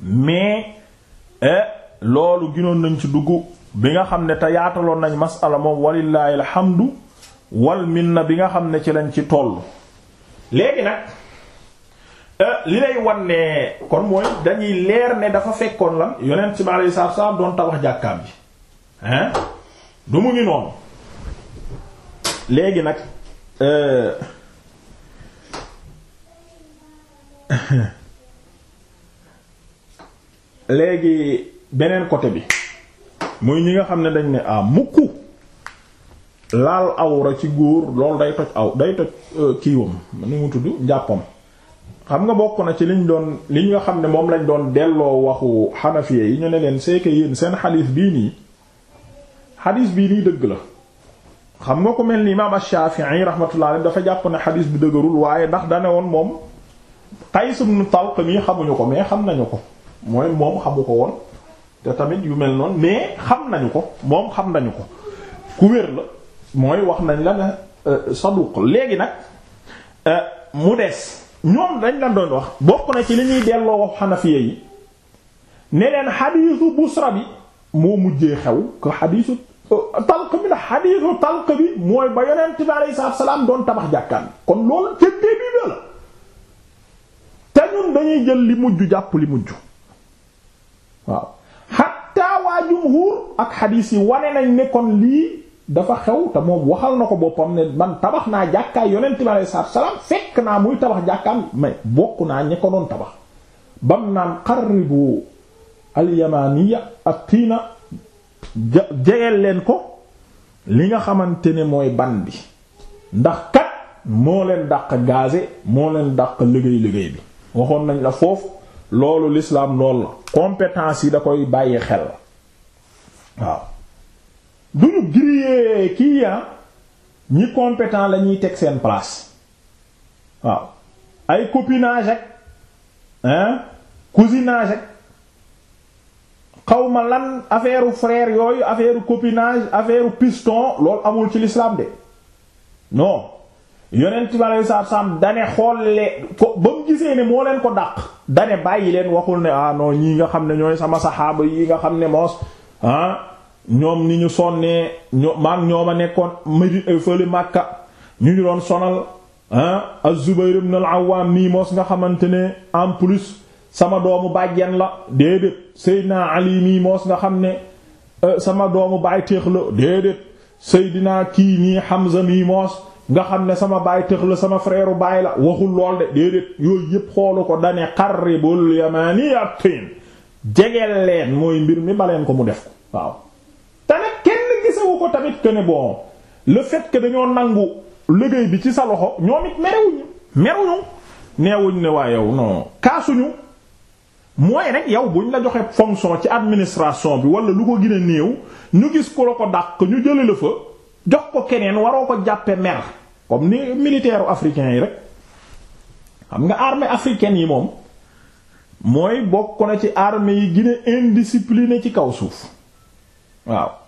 mais eh, loolu ginoon nañ ci dugg bi nga xam ne te yaataloon nañ masala moom walillaahi alhamdu wal minna bi nga xam ne ci lañ ci tollu léegi nag Euh, li lay wan ne kon mooy dañuy leer ne dafa fekkoon lan yonent ci alayhi salaatu salaam doon tabax jàkkaam ji hein du mu ngi noonu léegi nag euh, léegi beneen côté bi muy ñi nga xam ne dañ ne ah mukk laal awra ci góor loolu day toj aw day toj euh, kiiwam nu mu tudd njàppam xam nga bokk na ci liñ doon li nga xam ne moom lañ doon delloo waxu xanafiya yi ñu ne leen c'est que seen xadis bii nii xadis bii nii dëgg la xam nga ko mel ni imaam Ash-Shafi'i rahmatullah alayhi dafa jàpp ne xadis bi dëgërul waaye ndax dana woon moom Qays ibn Talq mi xamuñu ko mais xam nañu ko mooy moom xamu ko woon te tamit yu mel noonu mais xam nañu ko moom xam nañu ko ku wér la mooy wax nañ la ne euh, saduq léegi nag euh, mu des ñoom dañ lan doon wax bokk na ci li ñuy delloo wax xanafiya yi ne leen xadiisu busra bi moo mujjee xew ko xadiisu euh, talq bi na xadiisu talq bi mooy ba yonent bi alayhi salaam doon tabax jàkkaan kon loolu ca début la te ñun dañuy jël li mujj jàpp li mujj waaw xatta waa jumhuur ak xadiis yi wane nañ ne kon lii dafa xew te moom waxal na ko boppam ne man tabax naa jàkkaay yonent bi alei salaatu salaam fekk naa muy tabax jàkkaam mais bokk naa ñi ko doon tabax bam naan qarribu alyamaniya ak tiina jegeel leen ko li nga xamante ne mooy ban bi ndax kat moo leen dàq gazé moo leen dàq liggéey liggéey bi waxoon nañ la foofu loolu l'islam lool la compétence yi da koy bàyyi xel la waaw du ñu griller kii ya ah, ñi compétent la ñuy teg seen place waaw ay copinage ak hein cousinage ak xawma lan affaire u frère yooyu affaire copinage affaire u piston loolu amul ci l'islam de non yonent bi alei saatu salaam dane xoolle ko ba mu gisee ne moo leen ko dàq dane bàyyi leen waxul ne ah non ñii nga xam ne ñooy sama saxaaba yi nga xam ne moos ah, ñoom ni ñu sonnee ñoo maag ñoom a nekkoon Madina euh, fële Makka ñu ñu doon sonal ah Az-Zubayr ibn al nga xamante ne en plus sama doomu bàjjen la déedéet Seydina Ali nii nga xam ne euh, sama doomu baay téex la déedéet Seydina kii nii Hamza nii nga xam ne sama baay téex la sama freeru baay la waxul lool de déedéet yooyu yépp xoolu ko dane qarribul yamaniyatin jegeel leen mooy mbir mi baleen ko mu def ko waaw ko tamit ne bon le fekk dañoo nangu liggéey bi ci sa loxo ñoom it merewuñu merewuñu neewuñ ne waa yow non kaasuñu mooy rek yow buñ la joxe fonction ci administration bi wala lu ko gën a néew ñu gis ku la ko dàq ñu jëlee la fa jox ko keneen waroo ko jàppe mer comme ni militaire africain yi rek xam nga armée africaine yi moom mooy bokk na ci armée yi gën indiscipliné ci kaw suuf waaw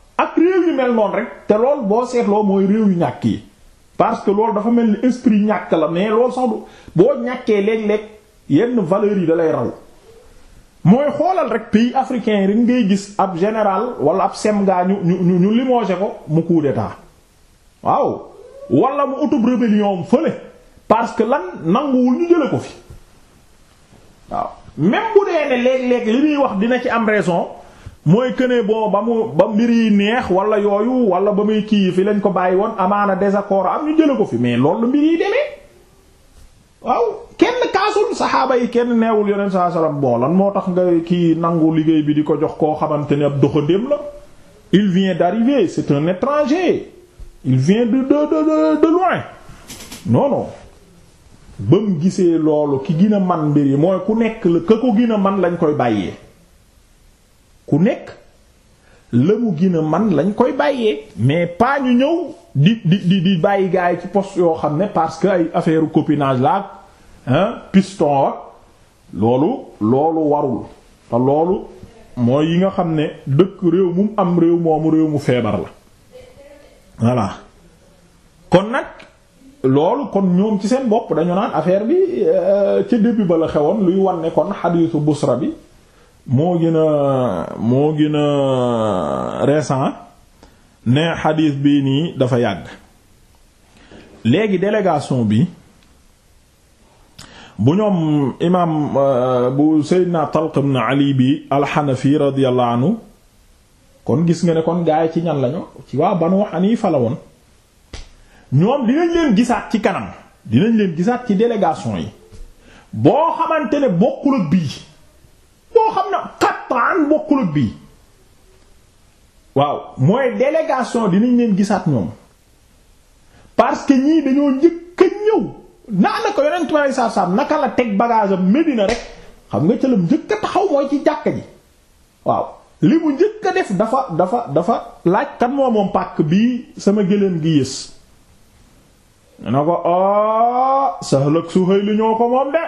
réew yi mel noonu rek te lool boo seetloo mooy réew yu ñàkk yi parce que loolu dafa mel ni esprit ñàkk la mais loolu sax boo ñàkkee léeg-léeg yenn valeur yi dalay raw mooy xoolal rek pays africain rek ngay gis ab général wala ab sem gaa ñu ñu ñu limogé ko mu coup d'état waaw wala mu utub rébellion fële parce que lan nanguwul ñu jële ko fi waaw même bu dee ne léeg-léeg li muy wax dina ci am raison. mooy que ne bon ba mu ba mbir yi neex wala yooyu wala ba muy kii fi lañ ko bàyyi woon amaana désaccord am ñu jële ko fi mais loolu mbir yi demee waaw kenn kaasul saxaaba yi kenn neewul yonent saa salaam bon lan moo tax nga kii nangu liggéey bi di ko jox koo xamante ne ab doxandéem la il vient d'arriver c'est un étranger il vient de de de de loin non ba mu gisee loolu ki gën man mbir yi mooy ku nekk la ka ko gën man lañ koy bàyyee. ku nekk la mu gën man lañ koy bàyyee mais pas ñu ñëw di di di bàyyi gars ci poste yoo xam ne parce que ay affaire copinage la ak piston ak loolu loolu warul te loolu mooy yi nga xam ne dëkk réew mu am réew moomu réew mu feebar la voilà kon nag loolu kon ñoom ci seen bopp dañu naan affaire bi euh, ca début ba la xewoon luy wan ne kon xadiisu busra bi moo gën moo gën a récent ne xadiis bi nii dafa yàgg léegi délégation bi bu ñoom imaam euh, bu Seydina Talq ibn Ali bi alxanafi radiyallahu kon gis nga ne kon gaay ci ñan lañu ci waa Banu Xanifa la woon ñoom dinañ leen gisaat ci kanam dinañ leen gisaat ci délégation yi boo xamante ne bokkul ak bii boo xam ne xattaan bokkul ak bii waaw mooy délégation dinañ leen gisaat ñoom parce que ñii dañoo njëkk a ñëw naanaka yonent bi alayhi salaam naka la teg bagage am Medina rek xam nga cëlam njëkk a taxaw mooy ci jàkka ji waaw li mu njëkk a def dafa dafa dafa laaj kan moo moom pàkk bii sama gëléem gi yës na ko a ah, Sahl ak Suhayl ñoo ko moom de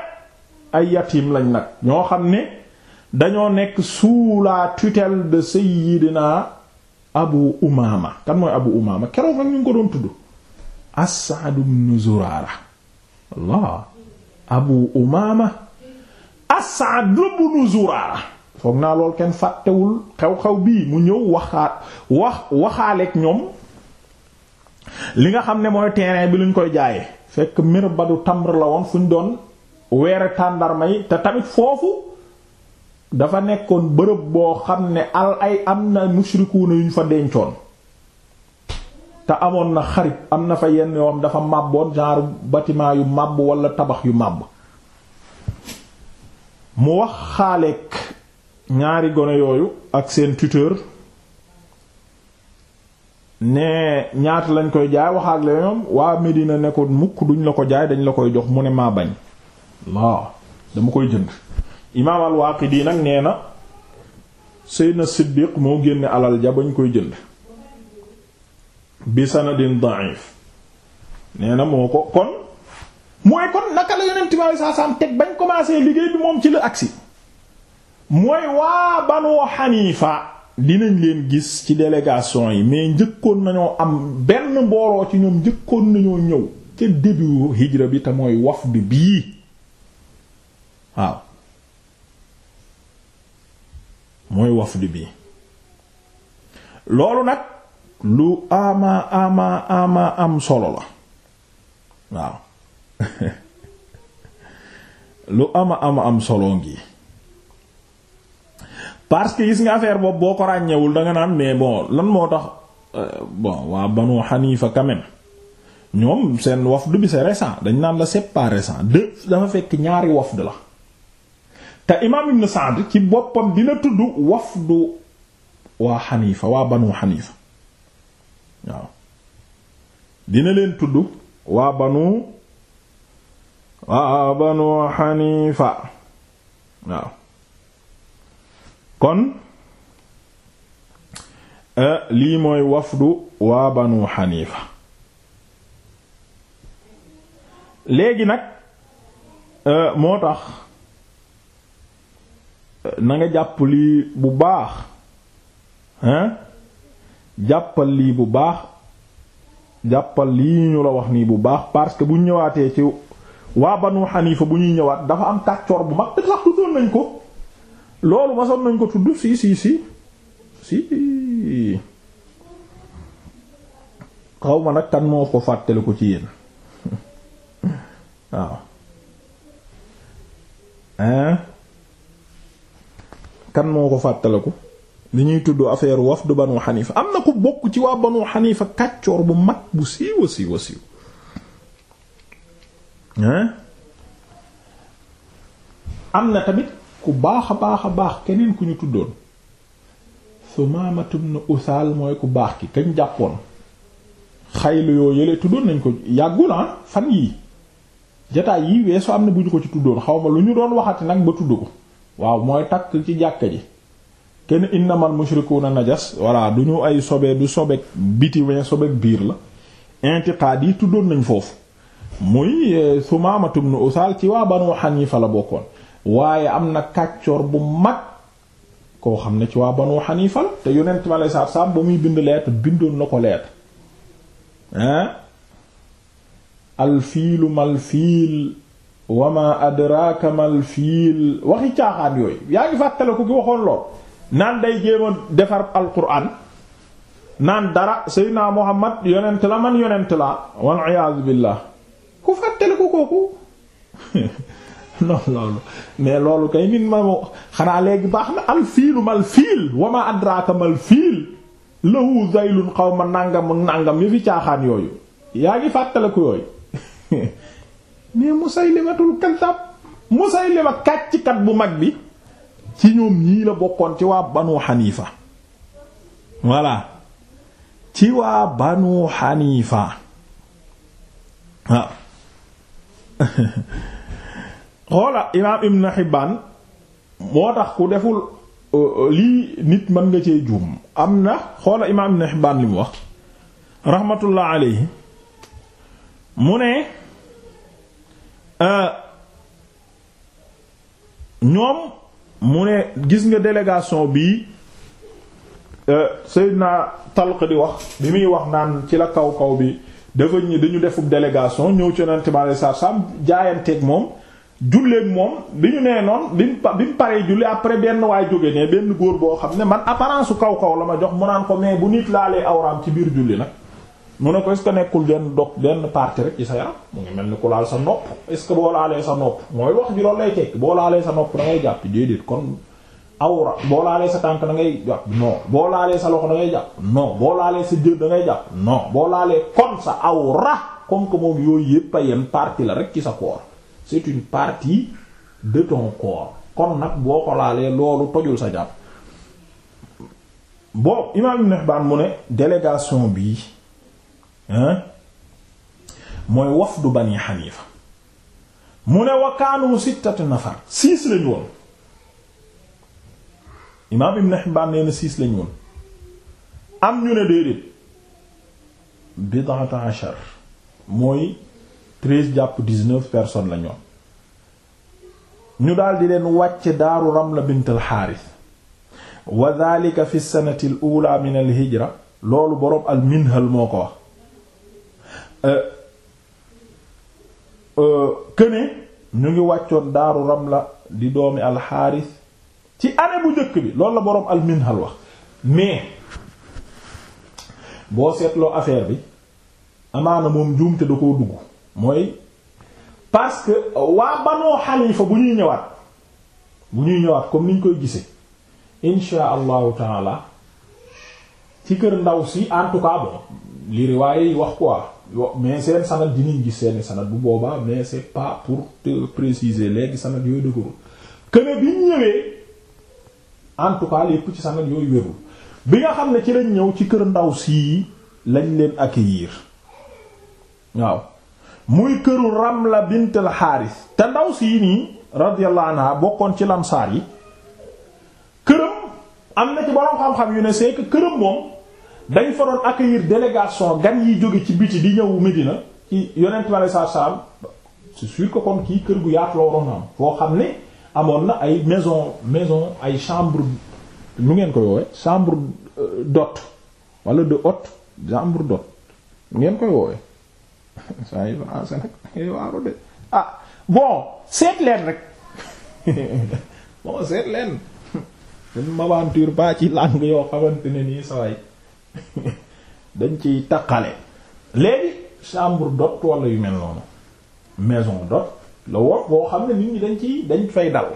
ay yatim lañ nag ñoo xam ne dañoo nekk sous la tutelle de Seyyidina Abu Umaama kan mooy Abu Umaama keroog nag ñu ngi ko doon tudd As'ad ibn Zurara Allah foog naa lool kenn fàttewul xew-xew bii mu ñëw waxaat wax waxaaleeg ñoom li nga xam ne mooy terrain bi luñ koy jaayee fekk Mirbadu Tamr la woon fu ñu doon weere tàndarma te tamit foofu dafa nekkoon bërëb boo xam ne al ay am na mushrikuuna yu ñu fa dencoon te amoon na xarib am na fa yenn yoom dafa màbboon genre bâtiment yu màbb wala tabax yu màbb mu wax xaaleek ñaari gone yooyu ak seen tuteur ne ñaata lañ koy jaay waxaat la ñoom waa Medina ne ko mukk duñ la ko jaay dañ la koy jox mu ne maa bañ waaw dama koy jënd imaam al-Waaqidi nag nee na Seydina Siddiq moo génne alal ja bañ koy jënd bi sanadin da'if nee na moo ko kon mooy kon naka la yonent bi sallallahu teg bañ commencé liggéey bi moom ci la agsi mooy waa Banu Xaniifa dinañ leen gis ci délégation yi mais njëkkoon nañoo am benn mbooloo ci ñoom njëkkoon nañoo ñëw ca début hijra bi te mooy wafd bii waaw mooy wafdu bi loolu nag lu ama ama am solo la waaw lu ama ama am solo ngi parce que gis nga affaire boobu boo ko ràññewul da naan mais bon lan moo tax euh, bon waa Banu Hanifa quand même ñoom seen wafdu bi c'est récent dañ naan la c'est pas récent de dafa fekk ñaari wafdu la te imaam ibn Sa'd ci boppam dina tudd wafdu waa xaniifa waa banu xaniifa waaw dina leen tudd waa banu waa banu xaniifa waaw kon eh, lii mooy wafdu waa banu xaniifa léegi nag eh, moo tax nanga nga jàpp lii bu baax hein jàppal lii bu baax jàppal lii ñu la wax nii bu baax parce que bu ñëwaatee ci waa banu xanifa bu ñuy ñëwaat dafa am tàccoor bu mag sax tuddoon nañ ko loolu masoon nañ ko tudd si sii si si xaw nag kan moo ko fàttali ci yéen waaw hein kan moo ko fàttaliku li ñuy tudd affaire wafdu banu xanifa am na ku bokk ci waa banu xanifa kàccoor bu mag bu siiwa siiwa siiw am na tamit ku baax a baax a baax keneen ku ñu tuddoon Sumaamatu ibn Usaal mooy ku baax ki kañ jàppoon xaylu yoo yële tuddoon nañ ko yàggul ah, fan yii jataay yii weesu am na bu ñu ko ci tuddoon xaw ma lu ñu doon waxati nag ba tudd ko waaw mooy takk ci jàkka ji kenn innamal mushrikuuna najas voilà du ñu ay sobee du sobeek biti wee sobeek biir la intiqaad yi tuddoon nañ foofu muy euh, Sumaamatu ibn Usaal ci waa Banu Xaniifa la bokkoon waaye am na kàccoor bu mag koo xam ne ci waa Banu Xaniifa la te yu mi alayhi salaatu salaam ba muy bind lettre bindoon na ko lettre hein alfiilu wama adraka mal fiil waxi caaxaan yooyu yaa ngi fàttale ko ki waxoon lool naan day jéema defar alquran naan dara seydina muhammad yonent la man yonent la wal iyaadu ku fàttale ko kooku non loolu mais loolu kay nit ma mo xanaa léegi baax na al fiilu mal fiil wama adraka fiil lahu zaylun xaw ma nàngam nàngam yi fi caaxaan yooyu yaa ngi fàttale ko yooyu mais Musaylimatul kaddaab Musaylima kàccikat bu mag bi ci ñoom ñii la bokkoon ci waa Banu Hanifa voilà ci waa Banu xoola imaam Ibn Hibbaan moo tax ku deful euh, euh, lii nit mën nga cee juum am na xoola imaam Ibn Hibbaan li mu wax rahmatullah alayhi mu ne Euh, ñoom mu ne gis nga délégation bii euh, naa Talq di wax bi muy wax naan ci la kaw kaw bi dafa ñi dañu defub délégation ñëw ci Yonent bi alayhi salaam jaayanteeg moom julleeg moom bi ñu nee noon bi mu bi mu paree julli après benn waay jóge ne benn góor boo xam ne man apparence su kaw kaw la ma jox mu naan ko mais bu nit laalee awraam ci biir julli nag. mu ne ko est-ce que nekkul benn dog benn partie rek ci sa yaram mu ngi mel ni ku laal sa nopp est-ce que boo laalee sa nopp mooy wax ji lay tekki boo laalee sa nopp da jàpp jàpp déedéet kon awra boo laalee sa tànk dangay ngay jàpp non boo laalee sa loxo dangay ngay jàpp non boo laalee sa jë da ngay jàpp non boo laalee kon sa awra comme que moom yooyu yépp a yem partie la rek ci sa corps c'est une partie de ton corps kon nag boo ko laalee loolu tojul sa jàpp bon Imaam Ibn mu ne délégation bi mooy wafdu bani xaniifa mu ne wa kaanu sittatu nafar six lañu woon imaam ibn Hibbaan nee na lañu woon am ñu ne déedéet bid'ata ashar mooy treize jàpp dix-neuf personnes lañu woon ñu daal di leen wàcce daaru Ramla bint al wa dhaalika fi sanati al min al loolu boroom al-Minhal moo ko wax këne euh, euh, ñu ngi wàccoon daaru la di doomi alxaaris ci année bu njëkk bi loolu la boroom alminhal wax mais boo seetloo affaire bi amaana moom juumte da koo dugg mooy parce que waa banoo xalifa bu ñuy ñëwaat bu ñuy ñëwaat comme ni ñu koy gisee insha allahu taala ci kër ndaw si en tout cas bon li yi wax quoi mais seen sanad dinañ gis seeni sanad bu boobaa mais c'est pas pour te préciser léegi sanad yooyu dëgërul kene bi ñëwee en tout cas lépp ci sanad yooyu wérul bi nga xam ne ci lañ ñëw ci kër ndaw sii lañ leen ak accueillir waaw muy këru Ramla bint al Haaris te ndaw sii nii radiyallahu bokkoon ci lamsaar yi këram am na ci boroom xam-xam yu ne c'est këram moom dañ fa doon accueillir délégation gan yi jóge ci biti di ñëw Medina ci yonent ma saa saam c'est sûr que kon kii kër gu yaatu la waroon am foo xam ne amoon na ay maison maison ay chambre lu ngeen koy woowe chambre euh, d'hôte wala de hôte chambre d'hôte ngeen koy woowe saa yu français ah, nag ngay waaru de ah bon seet rek bon seet leen une ci langue yoo xamante ne nii saway dañ ci taqale léegi chambre d'hôte wala yu mel noonu maison d'hôte la woon boo xam ne nit ñi dañ ci dañ fay dal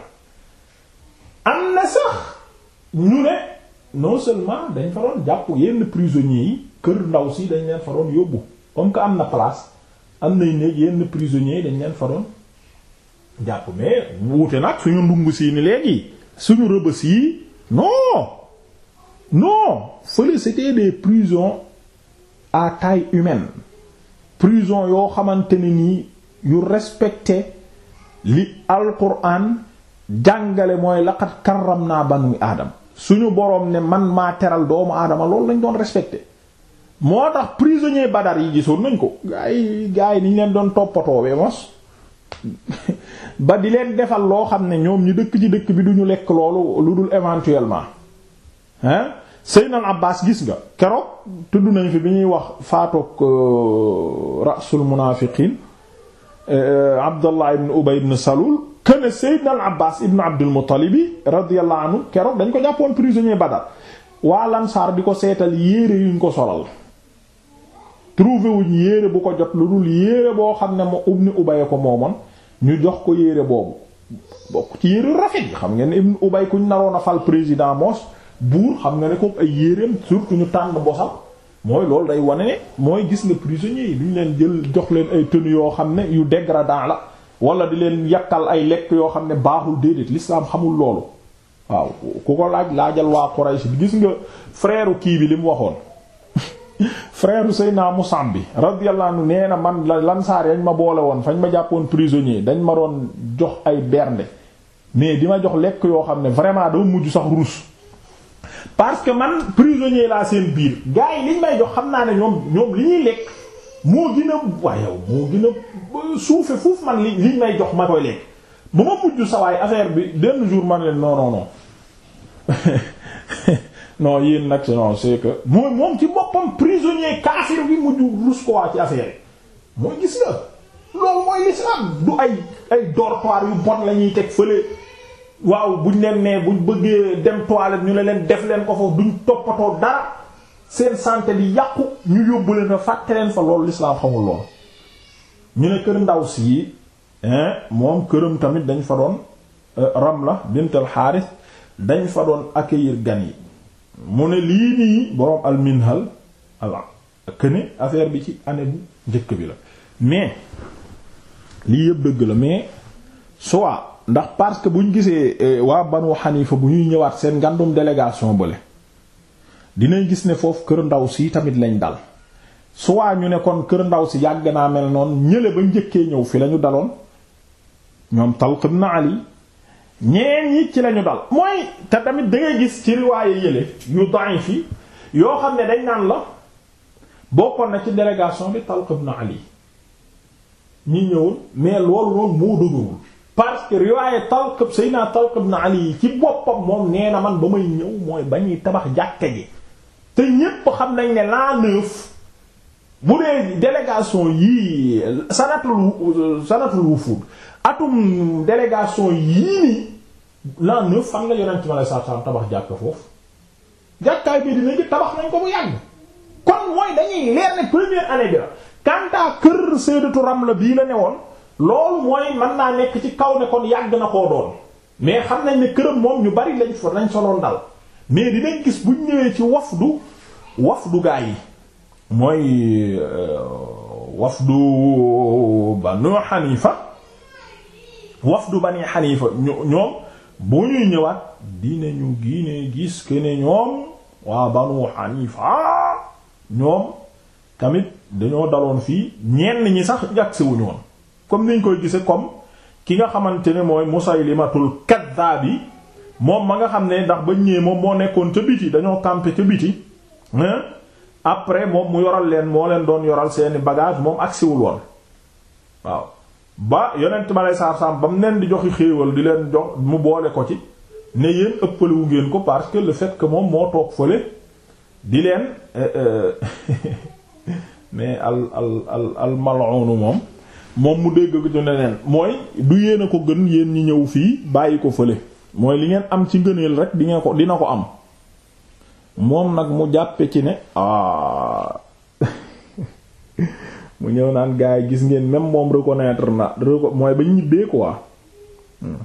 am na sax ñu ne non seulement dañ fa doon jàpp yenn prisonniers yi kër ndaw si dañ leen fa doon yóbbu comme que am na place am nay néeg yenn prisonniers yi dañ leen fa doon jàpp mais wuute nag suñu ndungu sii ni léegi suñu rëbës yi non non fële c'était des prisons à taille humaine prison yoo xamante ne nii yu respecté li alquran jàngale mooy laqat karram naa banu aadam suñu boroom ne man maa teral doomu aadama loolu lañ doon respecté moo tax prisonnier badar yi gisoon nañ ko gaa yi yi niñ leen doon toppatoo we mos ba di leen defal loo xam ne ñoom ñu dëkk ci dëkk bi duñu lekk loolu lu dul éventuellement hein Seydina Abbas gis nga keroog tudd nañ fi bi ñuy wax faatoog euh, rasul munaafiqiin euh, Abdallah ibn Ubay ibn Salul këne Seydina Abbas ibn Abdul Muttalib radiyallahu anhu keroog dañ ko jàppoon prisonnier Badar waa Lansaar di ko seetal yéere yuñ ko solal trouvé wuñ yére bu ko jot lu dul yéere boo xam ne moo ibn Ubay ko moomoon ñu jox ko yére boobu bokk ci yéere rafet yi xam ngeen ibn Ubay kuñ naroon a fal président moos buur xam nga ne ko ay yéreem surtout ñu tànn bosal mooy loolu day wane ne mooy gis nga prisonniers yi duñ leen jël jox leen ay tenues yoo xam ne yu dégradant la wala di leen yakkal ay lekk yoo xam ne baaxul déedéet l'islam xamul loolu waaw ku ko laaj laajal waa Quraysh bi gis nga frère kii bi li mu waxoon frère Seyna Musab bi radiyallahu anhu nee na man lansaar yañ ma boole woon fañ ma jàppoon prisonnier dañ ma doon jox ay bernde mais di ma jox lekk yoo xam ne vraiment dama mujj sax ruus parce que man prisonnier laa seen biir gars yi liñ may jox xam naa ne ñoom ñoom li ñuy lekk moo gën a waaye moo gën a euh, suufe fuuf man li liñ may jox ma koy lekk ba ma mujj sawaay affaire bi benn jour man leen non non non non yéen nag non c'est que mooy moom ci boppam prisonnier kaafir bi mujj rus ko waa ci affaire yi mooy gis la loolu mooy l'islam du ay dortoir yu bon la teg fële waaw buñ leen nee buñ bëggee dem toilette ñu ne leen def leen ko foofu duñ toppatoo dara seen santé bi yàqu ñu yóbbu leen fa fàtte leen fa loolu lislaam xamul lool ñu ne kër ndaw si moom këram tamit dañ fa doon euh, Ramla bint al Harith dañ fa doon accueillir gan yi mu ne lii nii boroom al minhal ala këne affaire bi ci année bu njëkk bi la mais lii yëpp dëgg la mais soit ndax parce que buñ gisee euh, waa Banu Xanifa bu ñuy ñëwaat seen ngandum délégation bële dinañ gis ne foofu kër ndaw si tamit lañ dal suwaa ñu ne kon kër ndaw si yàgg naa mel noonu ñële ba njëkkee ñëw fi lañu daloon ñoom Talq ibn Ali ñeen ñi ci lañu dal mooy te tamit da gis ci riwaaye yële yu da'if yi yoo xam ne dañ naan la bokkoon na ci délégation bi Talq ibn Ali ñi ñëwul mais loolu loolu moo dëgërul parce que riwaaye Talq Seydina Talq ibn Ali ci boppam moom nee na man ba may ñëw mooy ba ñuy tabax jàkka ji te ñépp xam nañ ne l'an neuf bu dee délégation yii sanatul sanatul wufuud atum délégation yii nii l'an neuf fan la yonent mi alayhi salaatu salaam tabax jàkka foofu jàkkaay bi dina ji tabax nañ ko bu yàgg kon mooy dañuy leer ne première année bi la quant à kër Sayyidatu Ramla bii la ne woon loolu mooy mën naa nekk ci kaw ne kon yàgg na koo doon mais xam nañ ne këram moom ñu bari lañ fa nañ soloon dal mais dinañ gis buñ ñëwee ci wafdu du gaa yi mooy euh, waf du xanifa wafdu bani xanifa ñoom bu ñuy ñëwaat dinañu gine gis que ne ñoom waa banu xanifa ñoom tamit dañoo daloon fii ñenn ñi sax jagsiwuñu woon comme niñ koy gisee comme ki nga xamante ne mooy Musaylimatul kaddaab bi moom ma nga xam ne ndax ba ñëwee moom moo nekkoon ca biti dañoo campé ca biti après moom mu yoral leen moo leen doon yoral seeni bagage moom agsiwul woon waaw ba yonent ma lay saar-saam ba mu leen di joxi xéewal di leen jox mu boole ko ci ne yéen ëppaliwu ngeen ko parce que le fait que moom moo toog fële di leen euh, euh, mais al al al al moom moom mu dégg ko ci neneen mooy du yéen a ko gën yéen ñi ñëw fii bàyyi ko fële mooy li ngeen am ci ngëneel rek di ngeen ko dina ko am moom nag mu jàppe ci ne ah mu ñëw naan gars gis ngeen même moom reconnaître na mooy ba ñibbee quoi hmm.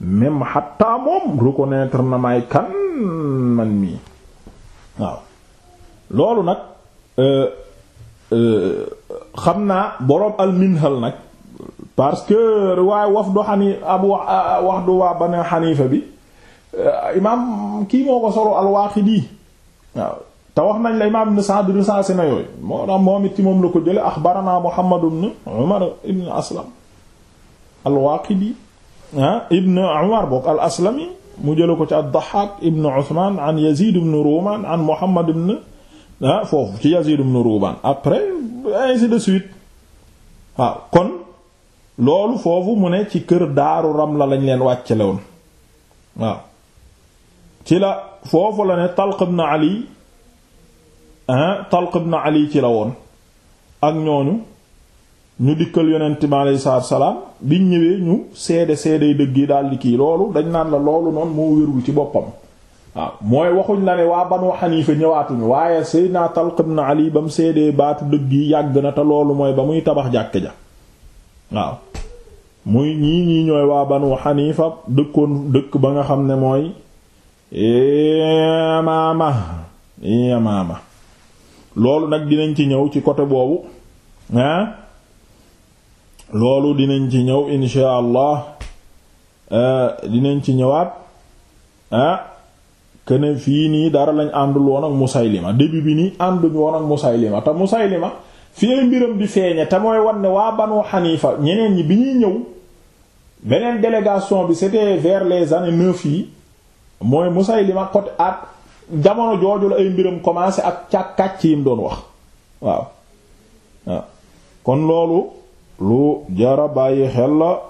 même xataa moom reconnaître na may kan man mii waaw loolu nag. Euh, euh, xam naa boroom alminhal nag parce que waaye waf waa banu xanifa bi euh, imaam kii moo ko solo al-Waaqidi te wax nañ la imaam ibn Sa'd recensé na yooyu moo tax moom it moom la ko jële axbarana Muhammad ah, mu jële ko ci ad-Dahhaak ibn Usmaan an Yaziid ibn Ruumaan an Muhammad ibn ah foofu ci Yazid ibn Ruban après ainsi de suite waaw ah, kon loolu foofu mu ne ci kër daaru ram la lañ leen wàccale woon waaw ah. ci la foofu la ne Talq ibn Ali ah Talq ibn Ali ci la woon ak ñooñu ñu dikkal yonent mi aleyhi salaatu salaam biñ ñëwee ñu seede seede dëgg yi daal di kii loolu dañ naan la loolu noonu moo wérul ci boppam. waaw mooy waxuñ la ne waa Banu Xaniifa ñëwaatuñu waaye Seydina Talq ibn Ali ba mu seedee baatu dëgg yi yàgg na te loolu mooy ba muy tabax jàkk ja waaw muy ñii ñii ñooy waa Banu Xaniifa dëkkoon dëkk ba nga xam ne mooy Yamaama Yamaama loolu nag dinañ ci ñëw ci côté boobu loolu dinañ ci ñëw insha allah euh, dinañ ci ñëwaat kene fii nii dara lañ àndul woon ak Musaylima début bi nii ànduñu woon ak Musaylima te Musaylima fi la mbiram di feeñe te mooy wan ne waa Banu Hanifa ñeneen ñi bi ñuy ñëw beneen délégation bi c'était vers les années neuf yi mooy Musaylima côté at jamono jooju la ay mbiram commencé ak càkkàcc yi mu doon wax waaw waaw kon loolu lu jara bàyyi xel la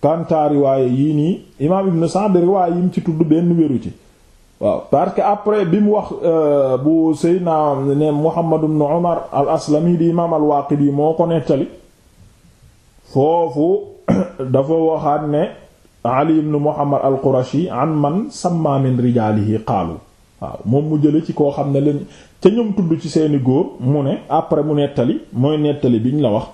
kantaa riwaaye yii nii imaam Ibn Sa'd riwaaye yi mu ci tudd benn wéru ci waaw parce que après bi mu wax euh, bu Seydina ne Muhammad ibn Umar al aslami di imaam al Waaqidi moo ko nettali foofu dafa waxaat ne Ali ibn Muhammad al Qurashi an man samma min rijaalihi waaw moom mu jële ci koo xam ne leen ca ñoom tudd ci seeni góor mu ne après mu nettali mooy nettali biñ la wax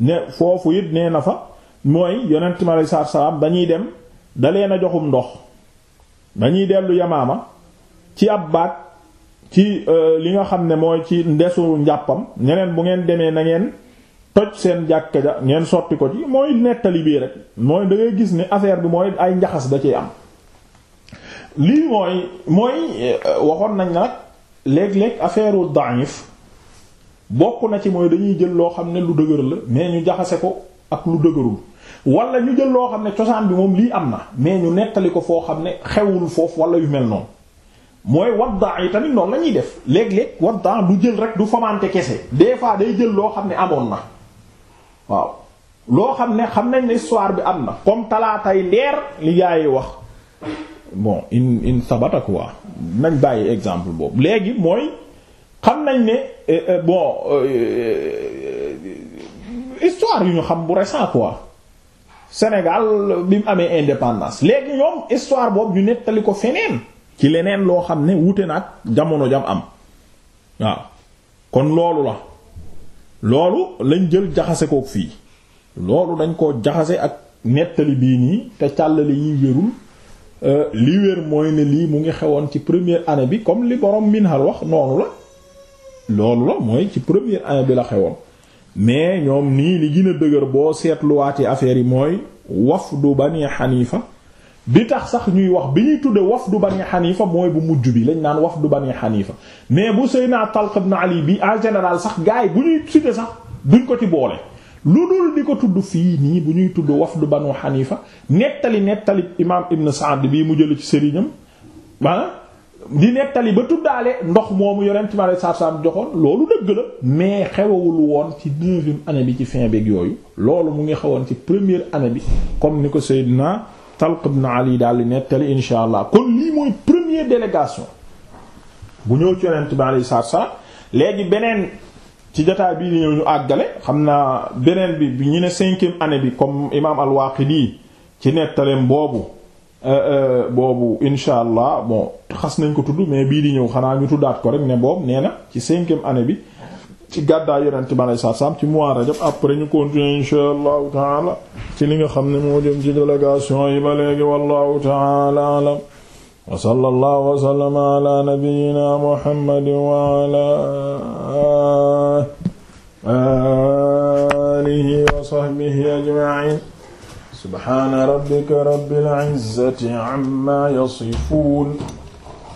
ne foofu it nee na fa mooy yonent mi aleyhi salaatu dem da leen a joxum ndox dañuy dellu Yamaama ci ab baat ci euh, li nga xam ne mooy ci ndesu njàppam ñeneen bu ngeen demee na ngeen toj seen jàkka ja ngeen sotti ko ci mooy nettali bii rek mooy da ngay gis ne affaire bi mooy ay njaxas da ciy am lii mooy mooy euh, waxoon nañ nag léeg-léeg affaire u daif bokk na ci mooy dañuy jël loo xam ne lu dëgër la mais ñu jaxase ko ak lu dëgërul wala ñu jël loo xam ne cosaan bi moom lii am na mais ñu nettali ko foo xam ne xewul foofu wala yu mel noonu mooy wadda yi tamit noonu la ñuy def léeg-léeg wadda du jël rek du famante kese des fois day jël loo xam ne amoon na waaw loo xam ne xam nañ ne histoire bi am na comme talaatay leer li gaa yi wax bon in in nañ bàyyi exemple boobu léegi mooy xam nañ ne eh, eh, bon eh, histoire yu ñu xam bu récent quoi Sénégal bi mu amee indépendance léegi ñoom histoire boobu ñu nettali ko feneen ci leneen loo xam ne wute na ak jamono jam am waaw kon loolu la loolu lañ jël jaxase kook fii loolu dañ ko jaxase ak nettali bii nii te càllale yi wérul euh, li wér mooy ne lii mu ngi xewoon ci première année bi comme li borom minhal wax noonu la loolu la mooy ci première année bi la xewoon mais ñoom nii li gën a dëgër boo ci affaire yi mooy du bani xanifa bi tax sax ñuy wax bi ñuy tudde wafdu yi xanifa mooy bu mujj bi lañ naan wafdu bani xanifa mais bu Seydina Talq na Ali bi en général sax gars yi bu ñuy cité sax duñ ko ci boole lu dul di ko tudd fii nii bu ñuy tudd waf wafdu banu xanifa nettali nettali imaam Ibn Sa'd bii mu jële ci sëriñam ah di nettali ba tuddaale ndox moomu yonent ma lay saabsaab joxoon loolu dëgg la mais xewawul woon ci neuvième année bi ci fin beeg yooyu loolu mu ngi xewoon ci première année bi comme ni ko Seydina. Talq ibn Ali daal di nettali insha allah kon lii mooy première délégation bu ñëw ci yonent bi alayhi salaatu salaam léegi beneen ci jotaay bii di ñëw ñu àggale xam naa beneen bi bi ñu ne cinquième année bi comme imaam al-Waaqidi ci nettaleem boobu euh, euh, boobu insha allah bon xas nañ ko tudd mais bii di ñëw xanaa ñu tuddaat ko rek ne boobu nee na ci cinquième année bi. ci gàddaay yonente bi alei satu salaam ci mois rajab après ñu continuer inshaa allahu taala ci li nga xam ne moo jëm ci délégation yi ba léegi wallahu taala alam wa sallallahu wa sallama ala nabiyyina muhammadin wa ala alihi wa sahbihi ajma'in subhana rabbika rabbil izzati amma yasifun